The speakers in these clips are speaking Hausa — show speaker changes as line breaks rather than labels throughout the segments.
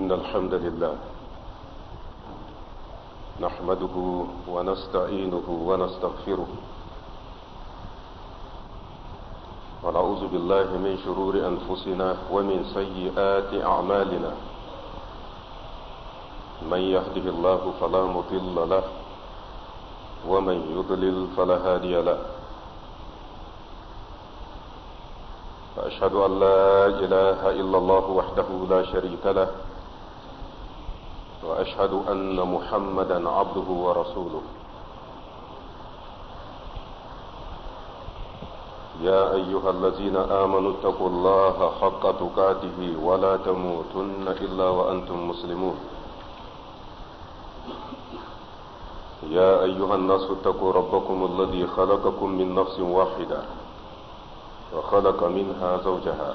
إن الحمد لله نحمده ونستعينه ونستغفره ونعوذ بالله من شرور أنفسنا ومن سيئات أعمالنا من يهده الله فلا مضل له ومن يضلل فلا هادي له فأشهد أن لا إله إلا الله وحده لا شريك له واشهد ان محمدا عبده ورسوله يا ايها الذين امنوا اتقوا الله حق تقاته ولا تموتن الا وانتم مسلمون يا ايها الناس اتقوا ربكم الذي خلقكم من نفس واحده وخلق منها زوجها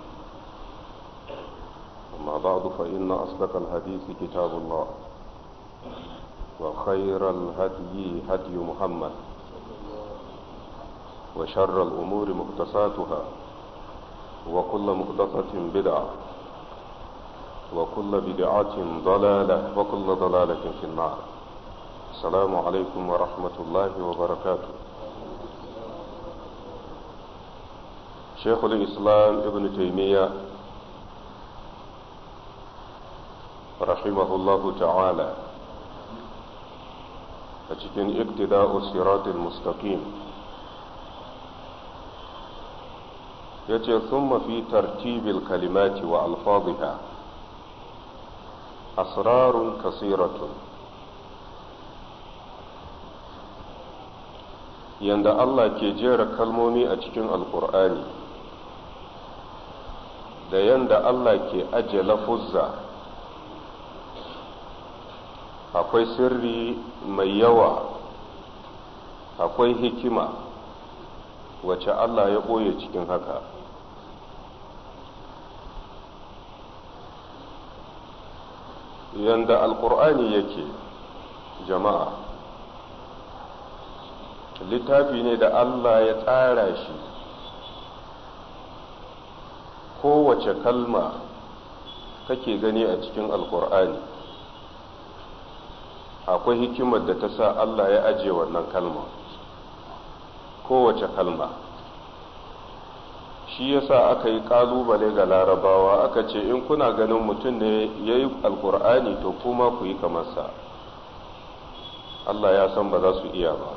أما بعد فإن أصدق الحديث كتاب الله وخير الهدي هدي محمد وشر الأمور مقتصاتها وكل مقتصة بدعة وكل بدعة ضلالة وكل ضلالة في النار السلام عليكم ورحمة الله وبركاته شيخ الإسلام ابن تيمية رحمه الله تعالى أجتن اقتداء الصراط المستقيم يتي ثم في ترتيب الكلمات وألفاظها أسرار كثيرة يند الله كجير كلمومي أجتن القرآن da الله Allah ke aje akwai sirri mai yawa akwai hikima wacce Allah ya ɓoye cikin haka yanda alkur'ani yake jama'a littafi ne da Allah ya tsara shi kowace kalma kake gani a cikin alkur'ani akwai hikimar da ta sa Allah ya ajiye wannan kalma kowace kalma shi yasa aka yi kalubale ga larabawa aka ce in kuna ganin mutum ne ya yi alkur'ani to kuma ku yi kamarsa Allah ya san ba za su iya ba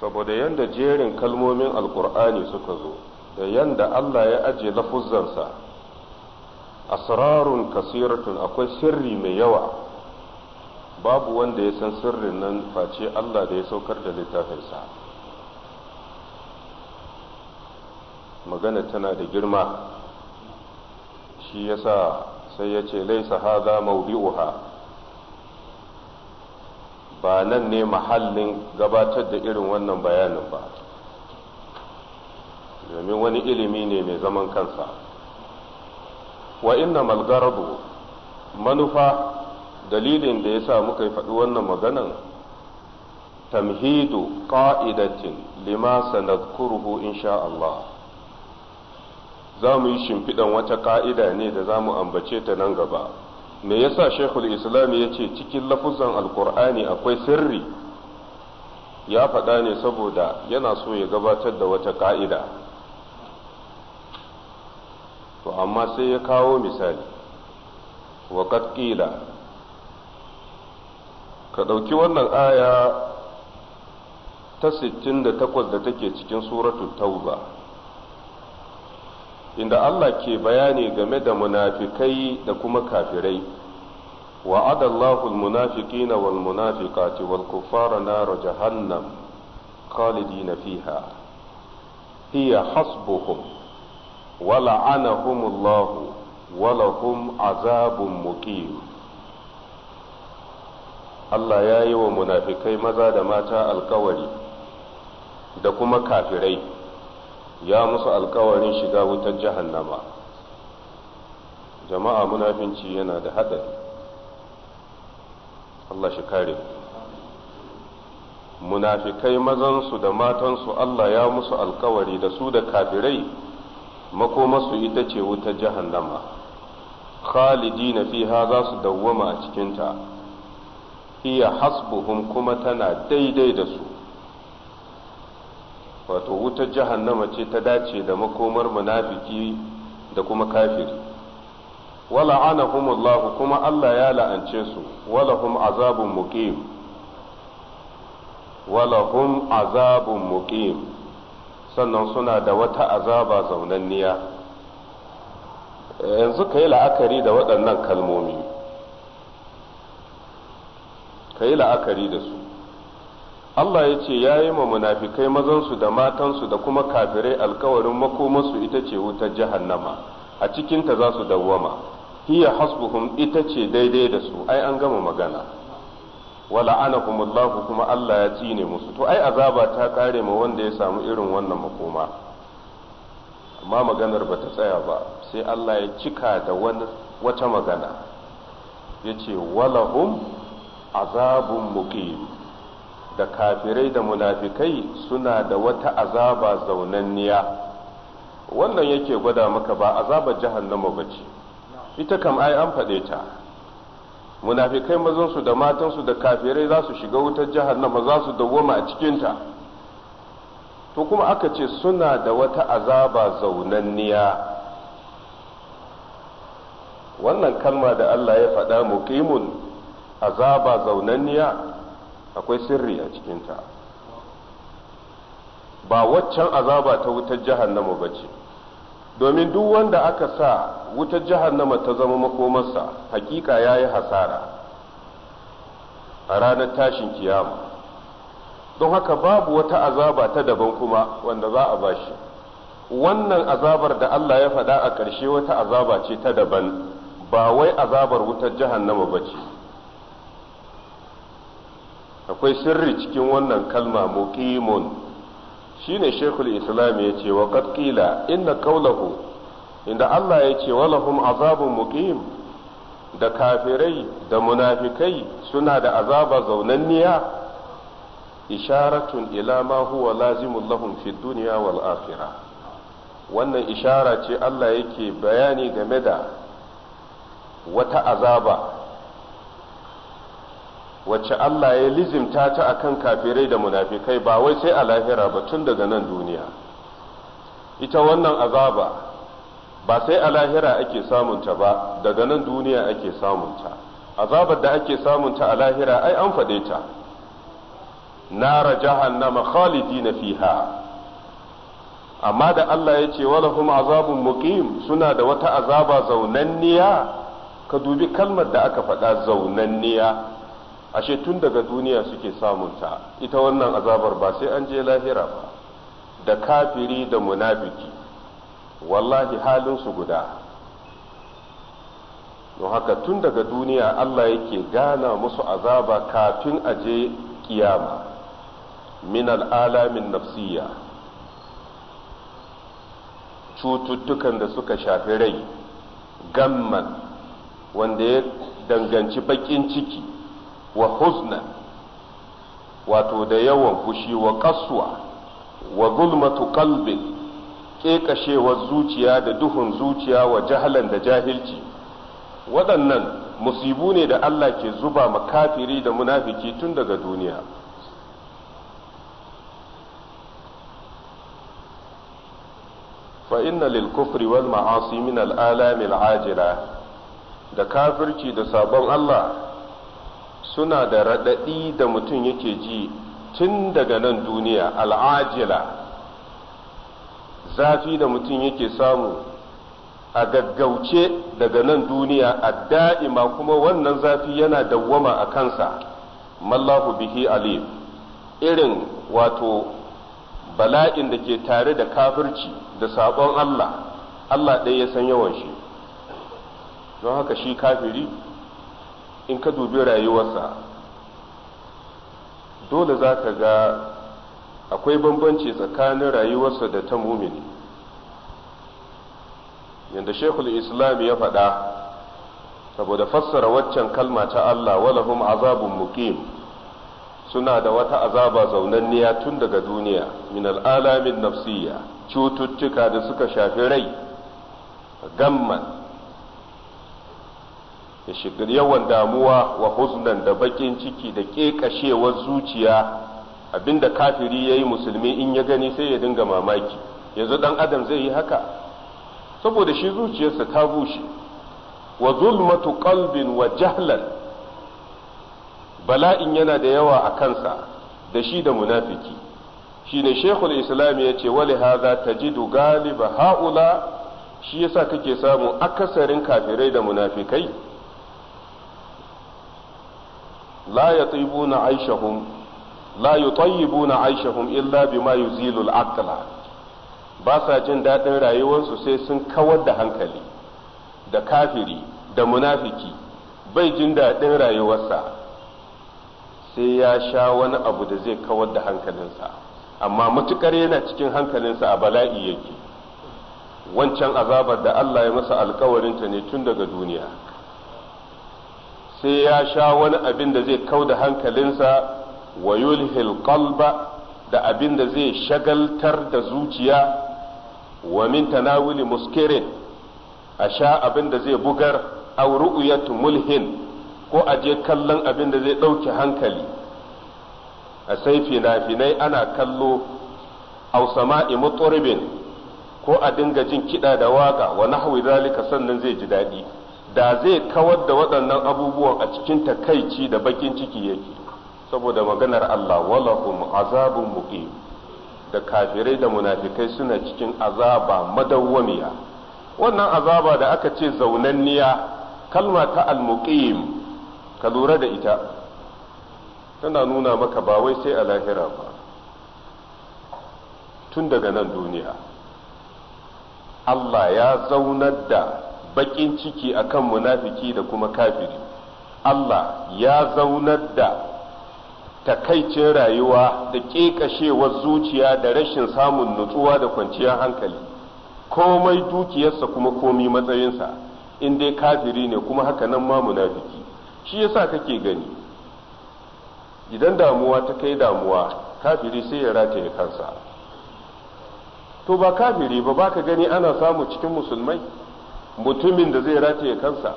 saboda yadda jerin kalmomin alkur'ani suka zo da yadda Allah ya ajiye lafuzzansa asrarun kasiratun akwai sirri mai yawa babu wanda ya san sirrin nan face Allah da ya saukar da littafinsa magana tana da girma shi yasa sai ya ce laisa haza maudi'uha ba nan ne mahallin gabatar da irin wannan bayanin ba domin wani ilimi ne mai zaman kansa wa inna malgardu manufa dalilin da ya sa muka yi faɗi wannan maganan tamhidu ƙa'idatin lima sanadkuruhu insha Allah za mu yi shimfiɗan wata ƙa'ida ne da za mu ambace ta nan gaba me yasa shekul islam ya ce cikin lafuzan alkur'ani akwai sirri ya faɗa ne saboda yana so ya gabatar da wata ƙa'ida to amma sai ya kawo misali وقد قيل ka ɗauki wannan aya ta sittin da takwas da take cikin suratu tauba inda Allah ke bayani game da munafikai da kuma kafirai wa’ad Allah munafiki na wal munafikati wal kuffara na jahannam khalidi na fiha hiya hasbuhum wala anahumullahu wala hum azabun muqim Allah ya yi wa munafikai maza da mata alkawari da kuma kafirai ya musu alkawarin shiga wutar jahannama jama'a munafinci yana da haɗari Allah shi kare munafikai mazansu da matansu Allah ya musu alkawari da su da kafirai makomasu ita ce wutar jahannama na fiha za su dawwama a cikinta hiya hasbuhum kuma tana daidai da su wato wutar jahannama ce ta dace da makomar munafiki da kuma kafiri wala anahumullahu kuma Allah ya la'ance su wala hum azabun muqim wala hum azabun muqim sannan suna da wata azaba zaunanniya yanzu ka yi la'akari da waɗannan kalmomi ka yi la'akari da su Allah ya ce ya yi ma munafikai mazansu da matansu da kuma kafirai alkawarin makomansu ita ce wutar jahannama a cikinta za su dawwama hiya hasbuhum ita ce daidai da su ai an gama magana wala'anahumullahu kuma Allah ya tsine musu to ai azaba ta kare ma wanda ya samu irin wannan makoma amma maganar ba ta tsaya ba sai Allah ya cika da wata magana ya ce walahum azabun muqim da kafirai da munafikai suna da wata azaba zaunanniya wannan yake gwada maka ba azabar jahannama ba ce ita kam ai an faɗe ta munafikai mazansu da matansu da kafirai za su shiga wutar jahannama za su dawwama a cikinta to kuma aka ce suna da wata azaba zaunanniya wannan kalma da Allah ya faɗa muqimun azaba zaunanniya akwai sirri a cikinta ba waccan azaba ta wutar jahannama ba ce domin duk wanda aka sa wutar jahannama ta zama makomarsa hakika ya yi hasara a ranar tashin kiyama don haka babu wata azaba ta daban kuma wanda za a bashi wannan azabar da Allah ya faɗa a ƙarshe wata azaba ce ta daban ba wai azabar wutar jahannama ba ce akwai sirri cikin wannan kalma muqimun shine shekul islam ya ce wa qad qila inna qawlahu inda Allah ya ce walahum azabun muqim da kafirai da munafikai suna da azaba zaunanniya isharatun ila ma huwa lazimul lahum fid dunya wal akhirah wannan ishara ce Allah yake bayani game da wata azaba wacce Allah ya lizimta ta a kan kafirai da munafikai ba wai sai a lahira ba tun daga nan duniya ita wannan azaba ba sai a lahira ake samunta ba daga nan duniya ake samunta azabar da ake samunta a lahira ai an faɗe ta nara jahannama na fiha amma da Allah ya ce walahum azabun muqim suna da wata azaba zaunanniya ka dubi kalmar da aka faɗa zaunanniya ashe tun daga duniya suke samunta ita wannan azabar ba sai an je lahira ba da kafiri da munafiki wallahi halinsu guda don haka tun daga duniya Allah yake gana musu azaba kafin a je kiyama min al'alamin nafsiyya cututtukan da suka shafi rai gamman wanda ya danganci bakin ciki wa huzna wato da yawan fushi wa kaswa wa zulmatu qalbin kekashewar zuciya da duhun zuciya wa jahalan da jahilci waɗannan musibu ne da Allah ke zuba makafiri da munafiki tun daga duniya fa inna lil kufri wal ma'asi min al alami da kafirci da sabon Allah suna da raɗaɗi da mutum yake ji tun daga nan duniya al'ajila zafi da mutum yake samu a gaggauce daga nan duniya a da'ima kuma wannan zafi yana dawwama a kansa mallahu bihi alim irin wato bala'in da ke tare da kafirci da saƙon Allah Allah ɗaya ya san yawan shi don haka shi kafiri in ka dubi rayuwarsa dole za ka ga akwai bambanci tsakanin rayuwarsa da ta mumini yadda shekul islam ya faɗa saboda fassara waccan kalma ta Allah walahum azabun muqim suna da wata azaba zaunanniya tun daga duniya min al'alamin nafsiyya cututtuka da suka shafi rai gamman da shigar yawan damuwa wa huznan da bakin ciki da ƙeƙashewar zuciya abinda kafiri ya yi musulmi in ya gani sai ya dinga mamaki yanzu dan adam zai yi haka saboda shi zuciyarsa ta bushe wa zulmatu kalbin wa jahlan bala'in yana da yawa a kansa da shi da munafiki shine shekul islam ya ce wali haza tajidu galiba ha'ula shi yasa kake samu akasarin kafirai da munafikai Layu yatibuna aishahum la yutayyibuna aishahum illa bima yuzilu al-aqla jin daɗin rayuwarsu sai sun kawar da hankali da kafiri da munafuki bai jin daɗin rayuwarsa sai ya sha wani abu da zai kawar da hankalinsa amma matukar yana cikin hankalinsa a bala'i yake wancan azabar da Allah ya masa alkawarinta ne tun daga duniya sai ya sha wani abin da zai kau da hankalinsa wa yulhil qalba da abin da zai shagaltar da zuciya wa min tanawuli muskirin a sha abin da zai bugar aw ru'yatu mulhin ko a je kallon abin da zai ɗauke hankali a sai fina-finai ana kallo aw sama'i muturibin ko a dinga jin kiɗa da waka wa nahwi zalika sannan zai ji daɗi da zai kawar da waɗannan abubuwan a cikin takaici da bakin ciki yake saboda maganar Allah walakum azabun muqim da kafirai da munafikai suna cikin azaba madawwamiya wannan azaba da aka ce zaunanniya kalma ta almuqim ka lura da ita tana nuna maka ba wai sai a lahira ba tun daga nan duniya Allah ya zaunar da bakin ciki akan munafiki da kuma kafiri Allah ya zaunar da takaicin rayuwa da ƙeƙashewar zuciya da rashin samun nutsuwa da kwanciyar hankali komai dukiyarsa kuma komi matsayinsa in dai kafiri ne kuma haka nan ma munafiki shi yasa kake gani idan damuwa ta kai damuwa kafiri sai ya rataye kansa to ba kafiri ba baka gani ana samu cikin musulmai mutumin da zai rataye kansa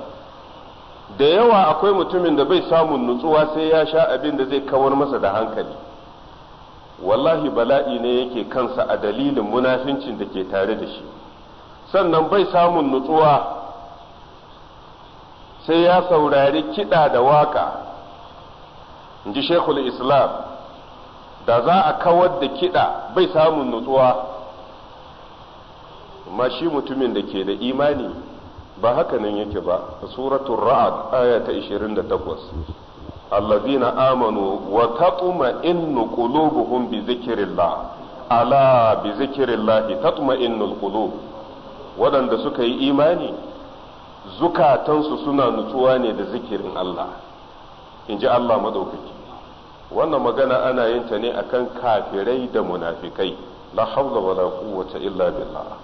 da yawa akwai mutumin da bai samun nutsuwa sai ya sha abin da zai kawar masa da hankali wallahi bala'i ne yake kansa a dalilin munafincin da ke tare da shi sannan bai samun nutsuwa sai ya saurari kiɗa da waka. in ji shekul islam da za a kawar da kiɗa bai samun nutsuwa amma shi mutumin da ke da imani ba haka nan yake ba suratul ra'ad aya ta 28 allazina amanu wa taqma'innu qulubuhum bi zikrillah ala bi zikrillah tatma'innul qulub waɗanda suka yi imani zukatansu suna nutsuwa ne da zikirin Allah in ji Allah madaukaki wannan magana ana yin ta ne akan kafirai da munafikai la hawla wala quwwata illa billah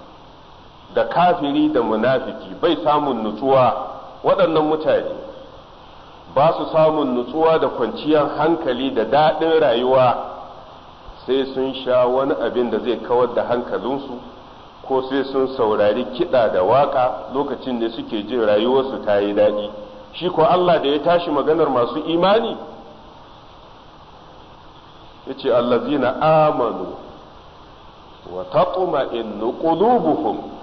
da kafiri da munafiki bai samun nutsuwa waɗannan mutane ba su samun nutsuwa da kwanciyar hankali da daɗin rayuwa sai sun sha wani abin da zai kawar da hankalinsu ko sai sun saurari kiɗa da waƙa lokacin da suke jin rayuwarsu ta yi daɗi shi ko Allah da ya tashi maganar masu imani ya ce zina amanu wa taqma in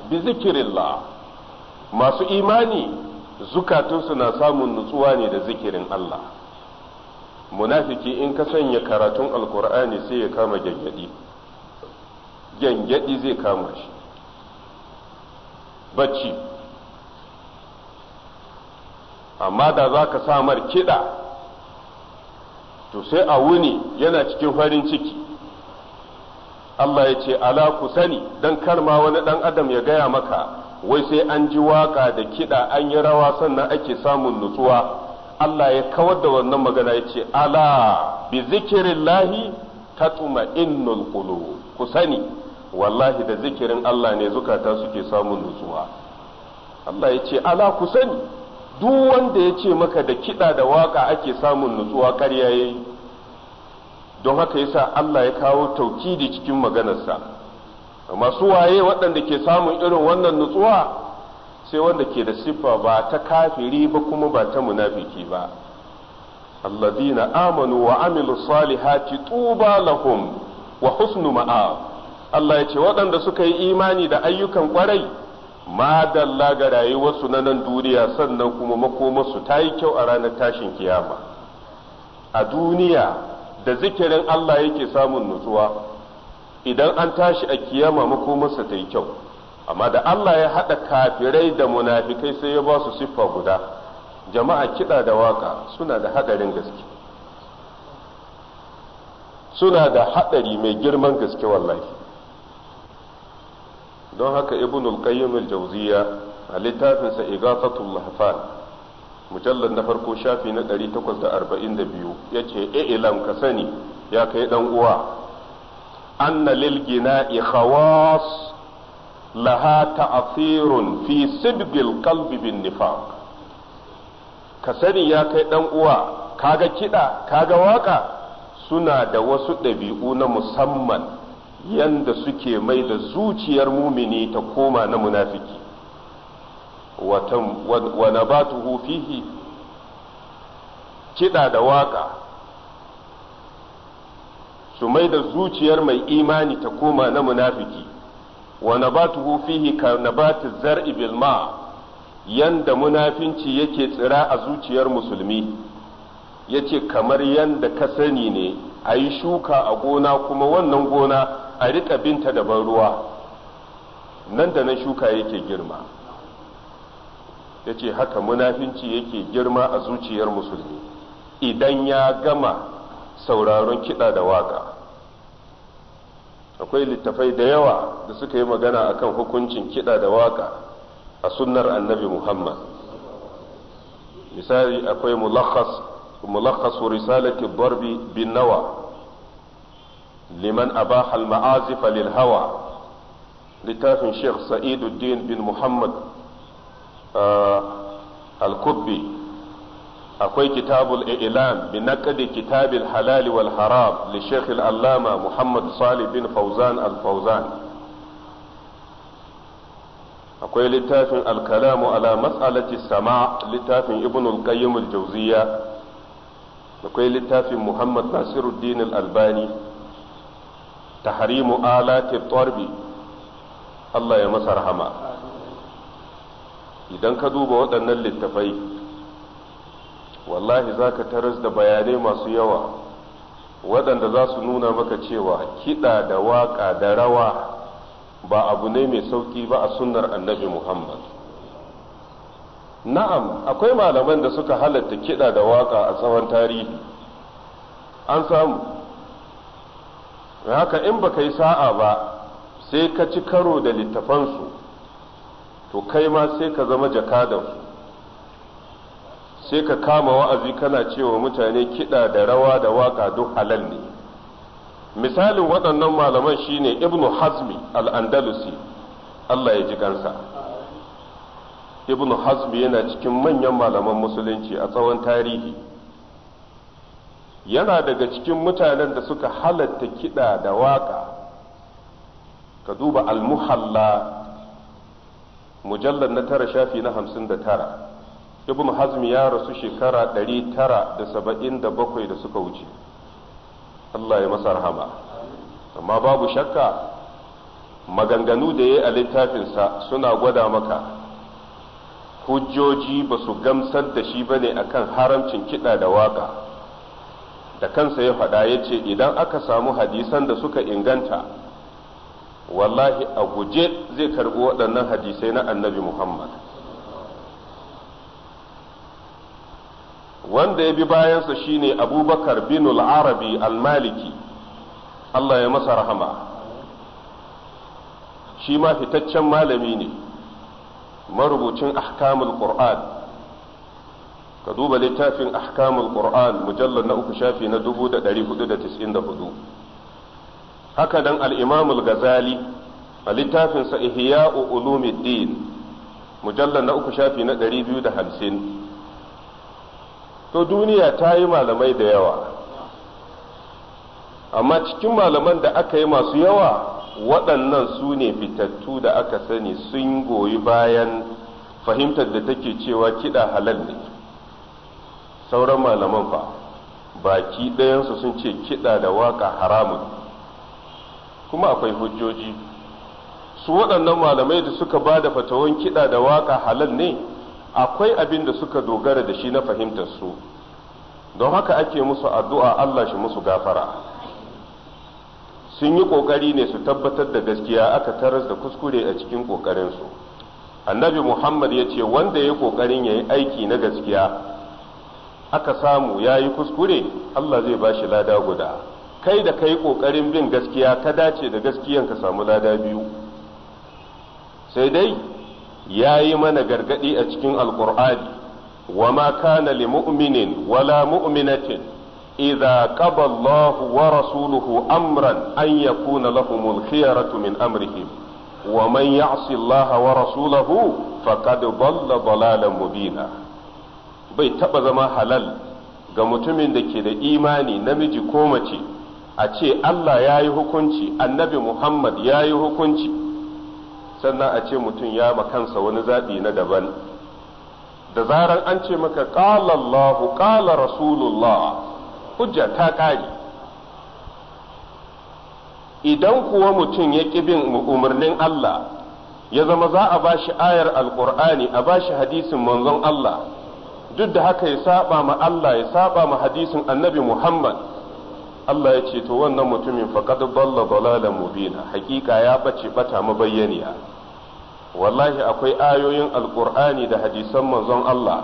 bi zikirillah masu imani zukatunsu na samun nutsuwa ne da zikirin Allah munafiki in ka sanya karatun alkur'ani sai ya kama gyangyaɗi gyangyaɗi zai kama shi bacci amma da za ka samar kiɗa to sai a wuni yana cikin farin ciki Allah ya ce ala ku sani dan kar ma wani ɗan adam ya gaya maka wai sai an ji waka da kiɗa an yi rawa sannan ake samun nutsuwa Allah ya kawar da wannan magana ya ce ala bi zikirillahi tatma'innul qulub ku sani wallahi da zikirin Allah ne zukata suke samun nutsuwa Allah ya ce ala ku sani duk wanda ya ce maka da kiɗa da waka ake samun nutsuwa ƙarya yayi don haka yasa Allah ya kawo taukidi cikin maganarsa masu waye waɗanda ke samun irin wannan nutsuwa sai wanda ke da siffa ba ta kafiri ba kuma ba ta munafiki ba alladina amanu wa amilu salihati tuba lahum wa husnu ma'ab Allah ya ce waɗanda suka yi imani da ayyukan kwarai madalla ga rayuwarsu na nan duniya sannan kuma makomarsu ta yi kyau a ranar tashin kiyama a duniya da zikirin Allah yake samun nutsuwa idan an tashi a kiyama makomarsa ta yi kyau amma da Allah ya haɗa kafirai da munafikai sai ya ba su siffa guda jama'a kiɗa da waka suna da haɗarin gaske suna da haɗari mai girman gaske wallahi don haka ibnul qayyim al-jawziya a littafinsa igafatul mahfal mujallar na farko shafi na 842 yace ilam ka sani ya kai dan uwa anna lil gina'i khawas laha ta'thirun fi sidqil qalbi bin nifaq ka sani ya kai dan uwa kaga kida kaga waka suna da wasu ɗabi'u na musamman yanda suke mai da zuciyar mumini ta koma na munafiki wa nabatuhu fihi kiɗa da waƙa su mai da zuciyar mai imani ta koma na munafiki wa nabatuhu fihi ka nabatu zar'i bil ma yanda munafinci yake tsira a zuciyar musulmi yace kamar yanda ka sani ne a yi shuka a gona kuma wannan gona a riƙa binta da ban ruwa nan da nan shuka yake girma yace haka munafinci yake girma a zuciyar musulmi idan ya gama sauraron kiɗa da waka akwai littafai da yawa da suka yi magana akan hukuncin kiɗa da waka a sunnar annabi muhammad misali akwai mulakhasu risalati darbi bin nawa liman abahal ma'azifa lil hawa littafin sheikh sa'iduddin bin muhammad al-kubbi akwai kitabul ilam bi naqdi kitabil halali wal haram li shaykh allama muhammad sali bin fauzan al-fawzan akwai littafin al-kalamu ala mas'alati sama'a, littafin ibn al al-jawziyya akwai littafin muhammad nasiruddin al-albani tahrimu alati tarbi Allah ya masa rahama idan ka duba waɗannan littafai wallahi za ka taras da bayanai masu yawa waɗanda za su nuna maka cewa kiɗa da waƙa da rawa ba abu ne mai sauƙi ba a sunnar annabi muhammad na'am akwai malaman da suka halatta kiɗa da waƙa a tsawon tarihi an samu haka in baka yi sa'a ba sai ka ci karo da littafansu to kai ma sai ka zama jakadan sai ka kama wa'azi kana cewa mutane kiɗa da rawa da waka duk halal ne misalin waɗannan malaman shine ibnu hazmi al Allah ya ji kansa ibnu hazmi yana cikin manyan malaman musulunci a tsawon tarihi yana daga cikin mutanen da suka halatta kiɗa da waka ka duba al-muhalla mujallar na tara shafi na hamsin da tara ibn hazm ya rasu shekara ɗari tara da saba'in da bakwai da suka wuce allah ya masa rahama amma babu shakka maganganu da ya yi a littafinsa suna gwada maka hujjoji ba su gamsar da shi ba ne akan haramcin kiɗa da waƙa da kansa ya faɗa ya ce idan aka samu hadisan da suka inganta wallahi a guje zai karɓi waɗannan hadisai na annabi muhammad wanda ya bi bayansa shine abubakar bin al-arabi al-maliki allah ya masa rahama shi ma fitaccen malami ne marubucin ahkamul qur'an ka duba littafin ahkamul qur'an mujallar na uku shafi na 1494 haka nan al-imam al-ghazali a littafinsa ihya ulumuddin mujallar na uku shafi na 250 to duniya ta yi malamai da yawa amma cikin malaman da aka yi masu yawa waɗannan su ne fitattu da aka sani sun goyi bayan fahimtar da take cewa kiɗa halal ne sauran malaman fa baki ɗayansu sun ce kiɗa da waƙa haramun kuma akwai hujjoji su waɗannan malamai da suka ba da fatawan kiɗa da waƙa halal ne akwai abin da suka dogara da shi na fahimtar su don haka ake musu addu'a Allah shi musu gafara sun yi ƙoƙari ne su tabbatar da gaskiya aka taras da kuskure a cikin ƙoƙarinsu annabi muhammad ya ce wanda ya yi ƙoƙarin ya yi aiki na gaskiya aka samu ya yi kuskure Allah zai ba shi lada guda kai da kai kokarin bin gaskiya ka dace da gaskiyan ka samu lada biyu sai dai ya yi mana gargadi a cikin alkur'ani wa ma kana li mu'minin wala mu'minatin idza qada Allahu wa rasuluhu amran an yakuna lahumul khiyaratu min amrihim wa man ya'si Allah wa rasulahu faqad dhalla dhalalan mubina bai taba zama halal ga mutumin da ke da imani namiji ko mace a ce Allah ya yi hukunci annabi Muhammad ya yi hukunci sannan a ce mutum ya makansa wani zaɓi na daban da zarar an ce maka ƙala Allahu ƙala Rasulullah hujja ta ƙari idan kuwa mutum ya ƙi bin umarnin Allah ya zama za a ba shi ayar alƙur'ani a ba shi hadisin manzon Allah duk da haka ya saba ma Allah ya saba ma hadisin annabi Muhammad Allah ya ce to wannan mutumin faqad dalla dalalan mubina hakika ya bace bata mabayyaniya wallahi akwai ayoyin alqur'ani da hadisan manzon Allah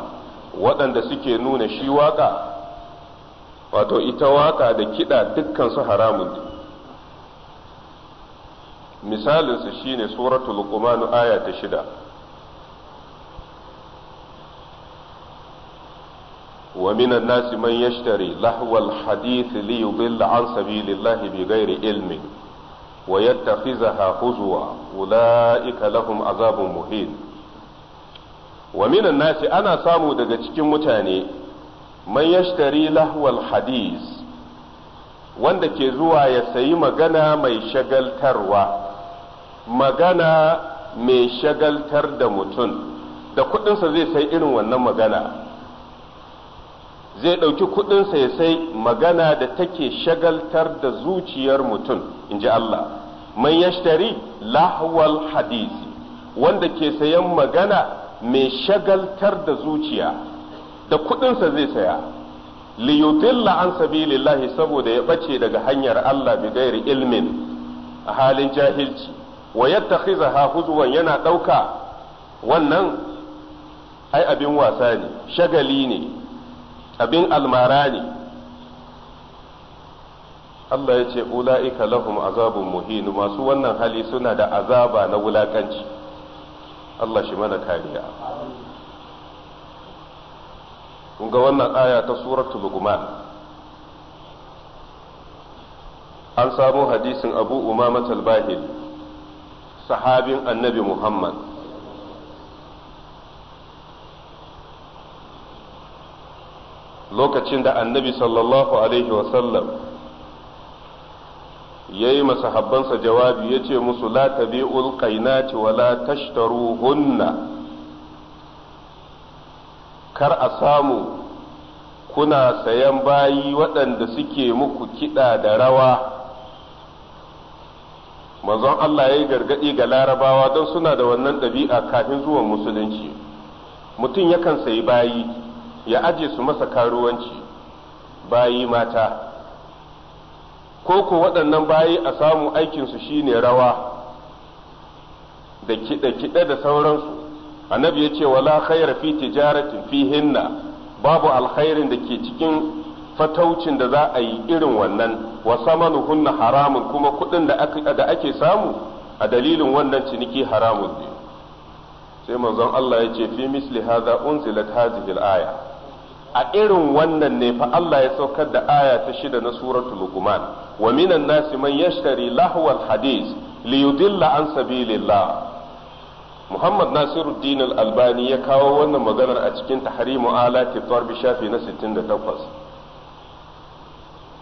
waɗanda suke nuna shi waka wato ita waka da kiɗa dukkan su haramun misalinsu shine suratul luqman aya ta shida ومن الناس من يشتري لهو الحديث ليضل عن سبيل الله بغير علم ويتخذها هزوا أولئك لهم عذاب مهين ومن الناس أنا سامو دقتك متاني من يشتري لهو الحديث wanda ke zuwa ya sayi magana mai shagaltarwa magana mai shagaltar da mutum da kudinsa zai sai irin wannan magana zai ɗauki kuɗinsa ya sai magana da take shagaltar da zuciyar mutum in ji Allah man yashtari lahwal hadisi wanda ke sayan magana mai shagaltar da zuciya da kuɗinsa zai saya liyudilla an sabilillahi saboda ya ɓace daga hanyar Allah bi gairi ilmin a halin jahilci wa yattakhizaha huzuwan yana ɗauka wannan ai abin wasa ne shagali ne abin almara ne Allah ya ce ula'ika lahum azabun muhinu masu wannan hali suna da azaba na wulakanci Allah shi mana kariya kun ga wannan aya ta suratul luguman. an samu hadisin abu umama talbahil sahabin annabi muhammad lokacin da annabi sallallahu alaihi wasallam ya yi masahabbansa jawabi ya ce musu la tabi'ul qainati wa la hunna kar a samu kuna sayan bayi waɗanda suke muku kiɗa da rawa manzon Allah ya yi gargaɗi ga larabawa don suna da wannan ɗabi'a kafin zuwan musulunci mutum yakan sayi bayi ya aje su masa karuwanci bayi mata ko ko waɗannan bayi a samu aikinsu shine rawa da kiɗe-kiɗe da sauransu annabi ya ce wala khaira fi tijaratin fihinna babu alkhairin da ke cikin fataucin da za a yi irin wannan wa hunna haramun kuma kuɗin da ake samu a dalilin wannan ciniki haramun ne sai manzon Allah ya ce fi misli hadha unzilat hadhihi al-aya a irin wannan ne fa Allah ya saukar da aya ta shida na suratul luqman wa minan nasi man yashtari lahwal hadis li yudilla an sabilillah Muhammad Nasiruddin Al-Albani ya kawo wannan maganar a cikin Tahrimu Alati Tarbi shafi na 68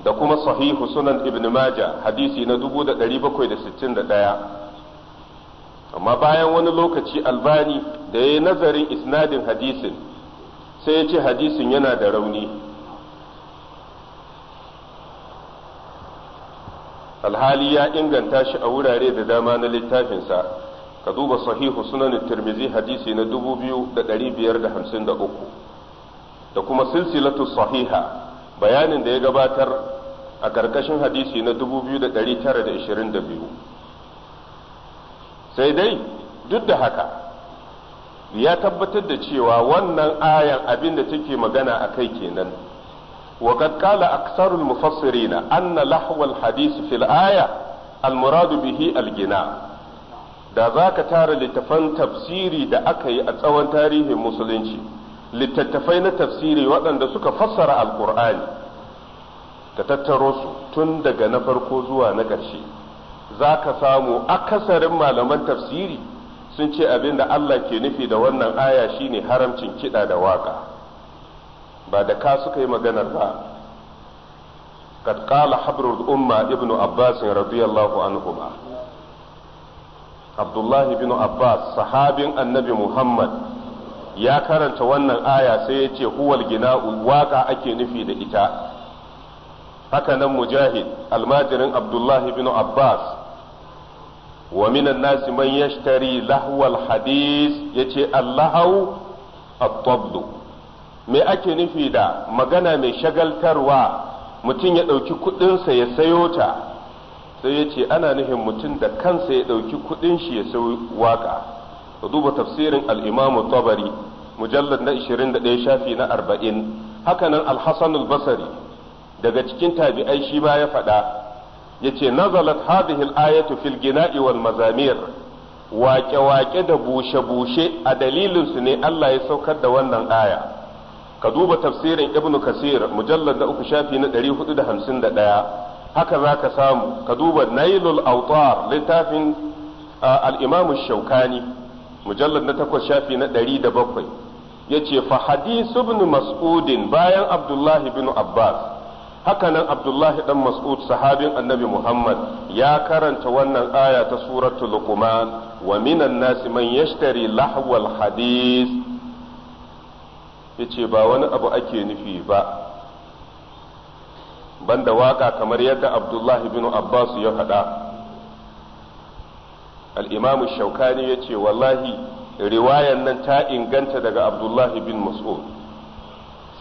da kuma Sahihu Sunan Ibn Majah hadisi na 1761 amma bayan wani lokaci albani da ya yi nazarin isnadin hadisin sai ya ce hadisin yana da rauni alhali ya inganta shi a wurare da dama na littafinsa ka duba sahihu sunan tirmizi hadisi na 2553 da kuma silsilatu sahiha bayanin da ya gabatar a ƙarƙashin hadisi na 2922 sai dai duk da haka ya tabbatar da cewa wannan ayan abin da take magana a kai kenan وقد قال أكثر mufassirina anna لحو الحديث في الآية almuradu bihi algina da za ka tara littafan tafsiri da aka yi a tsawon tarihin musulunci littattafai na tafsiri waɗanda suka fassara alkur'ani ka tattaro su tun daga na farko zuwa na ƙarshe za ka samu akasarin malaman tafsiri sun ce abinda Allah ke nufi da wannan aya shine haramcin kiɗa da waƙa ba da ka suka yi maganar ba kad qala habrul umma ibnu abbas radiyallahu anhuma abdullah ibn abbas sahabin annabi muhammad ya karanta wannan aya sai yace ce huwal gina'u waƙa ake nufi da ita haka nan mujahid almajirin abdullah ibn abbas wa minan nasi man yashtari lahwal hadis yace allahu at-tablu me ake nufi da magana mai shagaltarwa mutum ya ɗauki kuɗinsa ya sayo ta sai ya ce ana nufin mutum da kansa ya ɗauki kuɗin shi ya sayo waka ka duba tafsirin al mujallar tabari mujallad na 21 shafi na 40 hakanan al-hasan al-basri daga cikin tabi'ai shi ba ya faɗa yace nazalat hadhihi al-ayatu fil gina'i wal mazamir waƙe-waƙe da bushe-bushe a dalilin su ne Allah ya saukar da wannan aya ka duba tafsirin ibnu kasir mujallar da uku shafi na 451 haka za ka samu ka duba nailul autar littafin al-imam shaukani mujallar na takwas shafi na 107 yace fa hadisu ibn mas'udin bayan abdullahi ibn abbas hakanan abdullahi dan mas'ud sahabin annabi muhammad ya karanta wannan aya ta suratul luqman wa minan nasi man yashtari lahwal hadis yace ba wani abu ake nufi ba banda waka kamar yadda abdullahi bin abbas ya faɗa al-imam shaukani yace wallahi riwayan nan ta inganta daga abdullahi bin mas'ud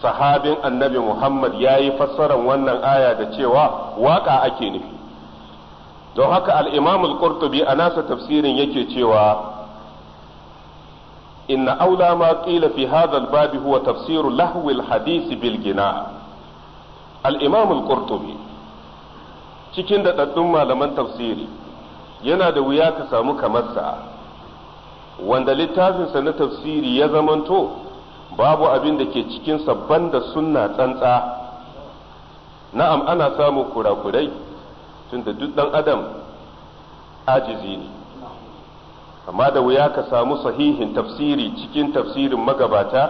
sahabin annabi Muhammad ya yi fassarar wannan aya da cewa waƙa ake nufi don haka alimamul al-qurtubi a nasa tafsirin yake cewa inna aula ma qila fi hadha babi huwa tafsiru lahwil hadisi bil gina al qurtubi cikin daɗaɗɗun malaman tafsiri yana da wuya ka samu kamar sa wanda littafinsa na tafsiri ya zamanto babu abin da ke cikin sabban da sunna tsantsa na'am ana samu kurakurai tunda duk dan adam ajizi ne amma da wuya ka samu sahihin tafsiri cikin tafsirin magabata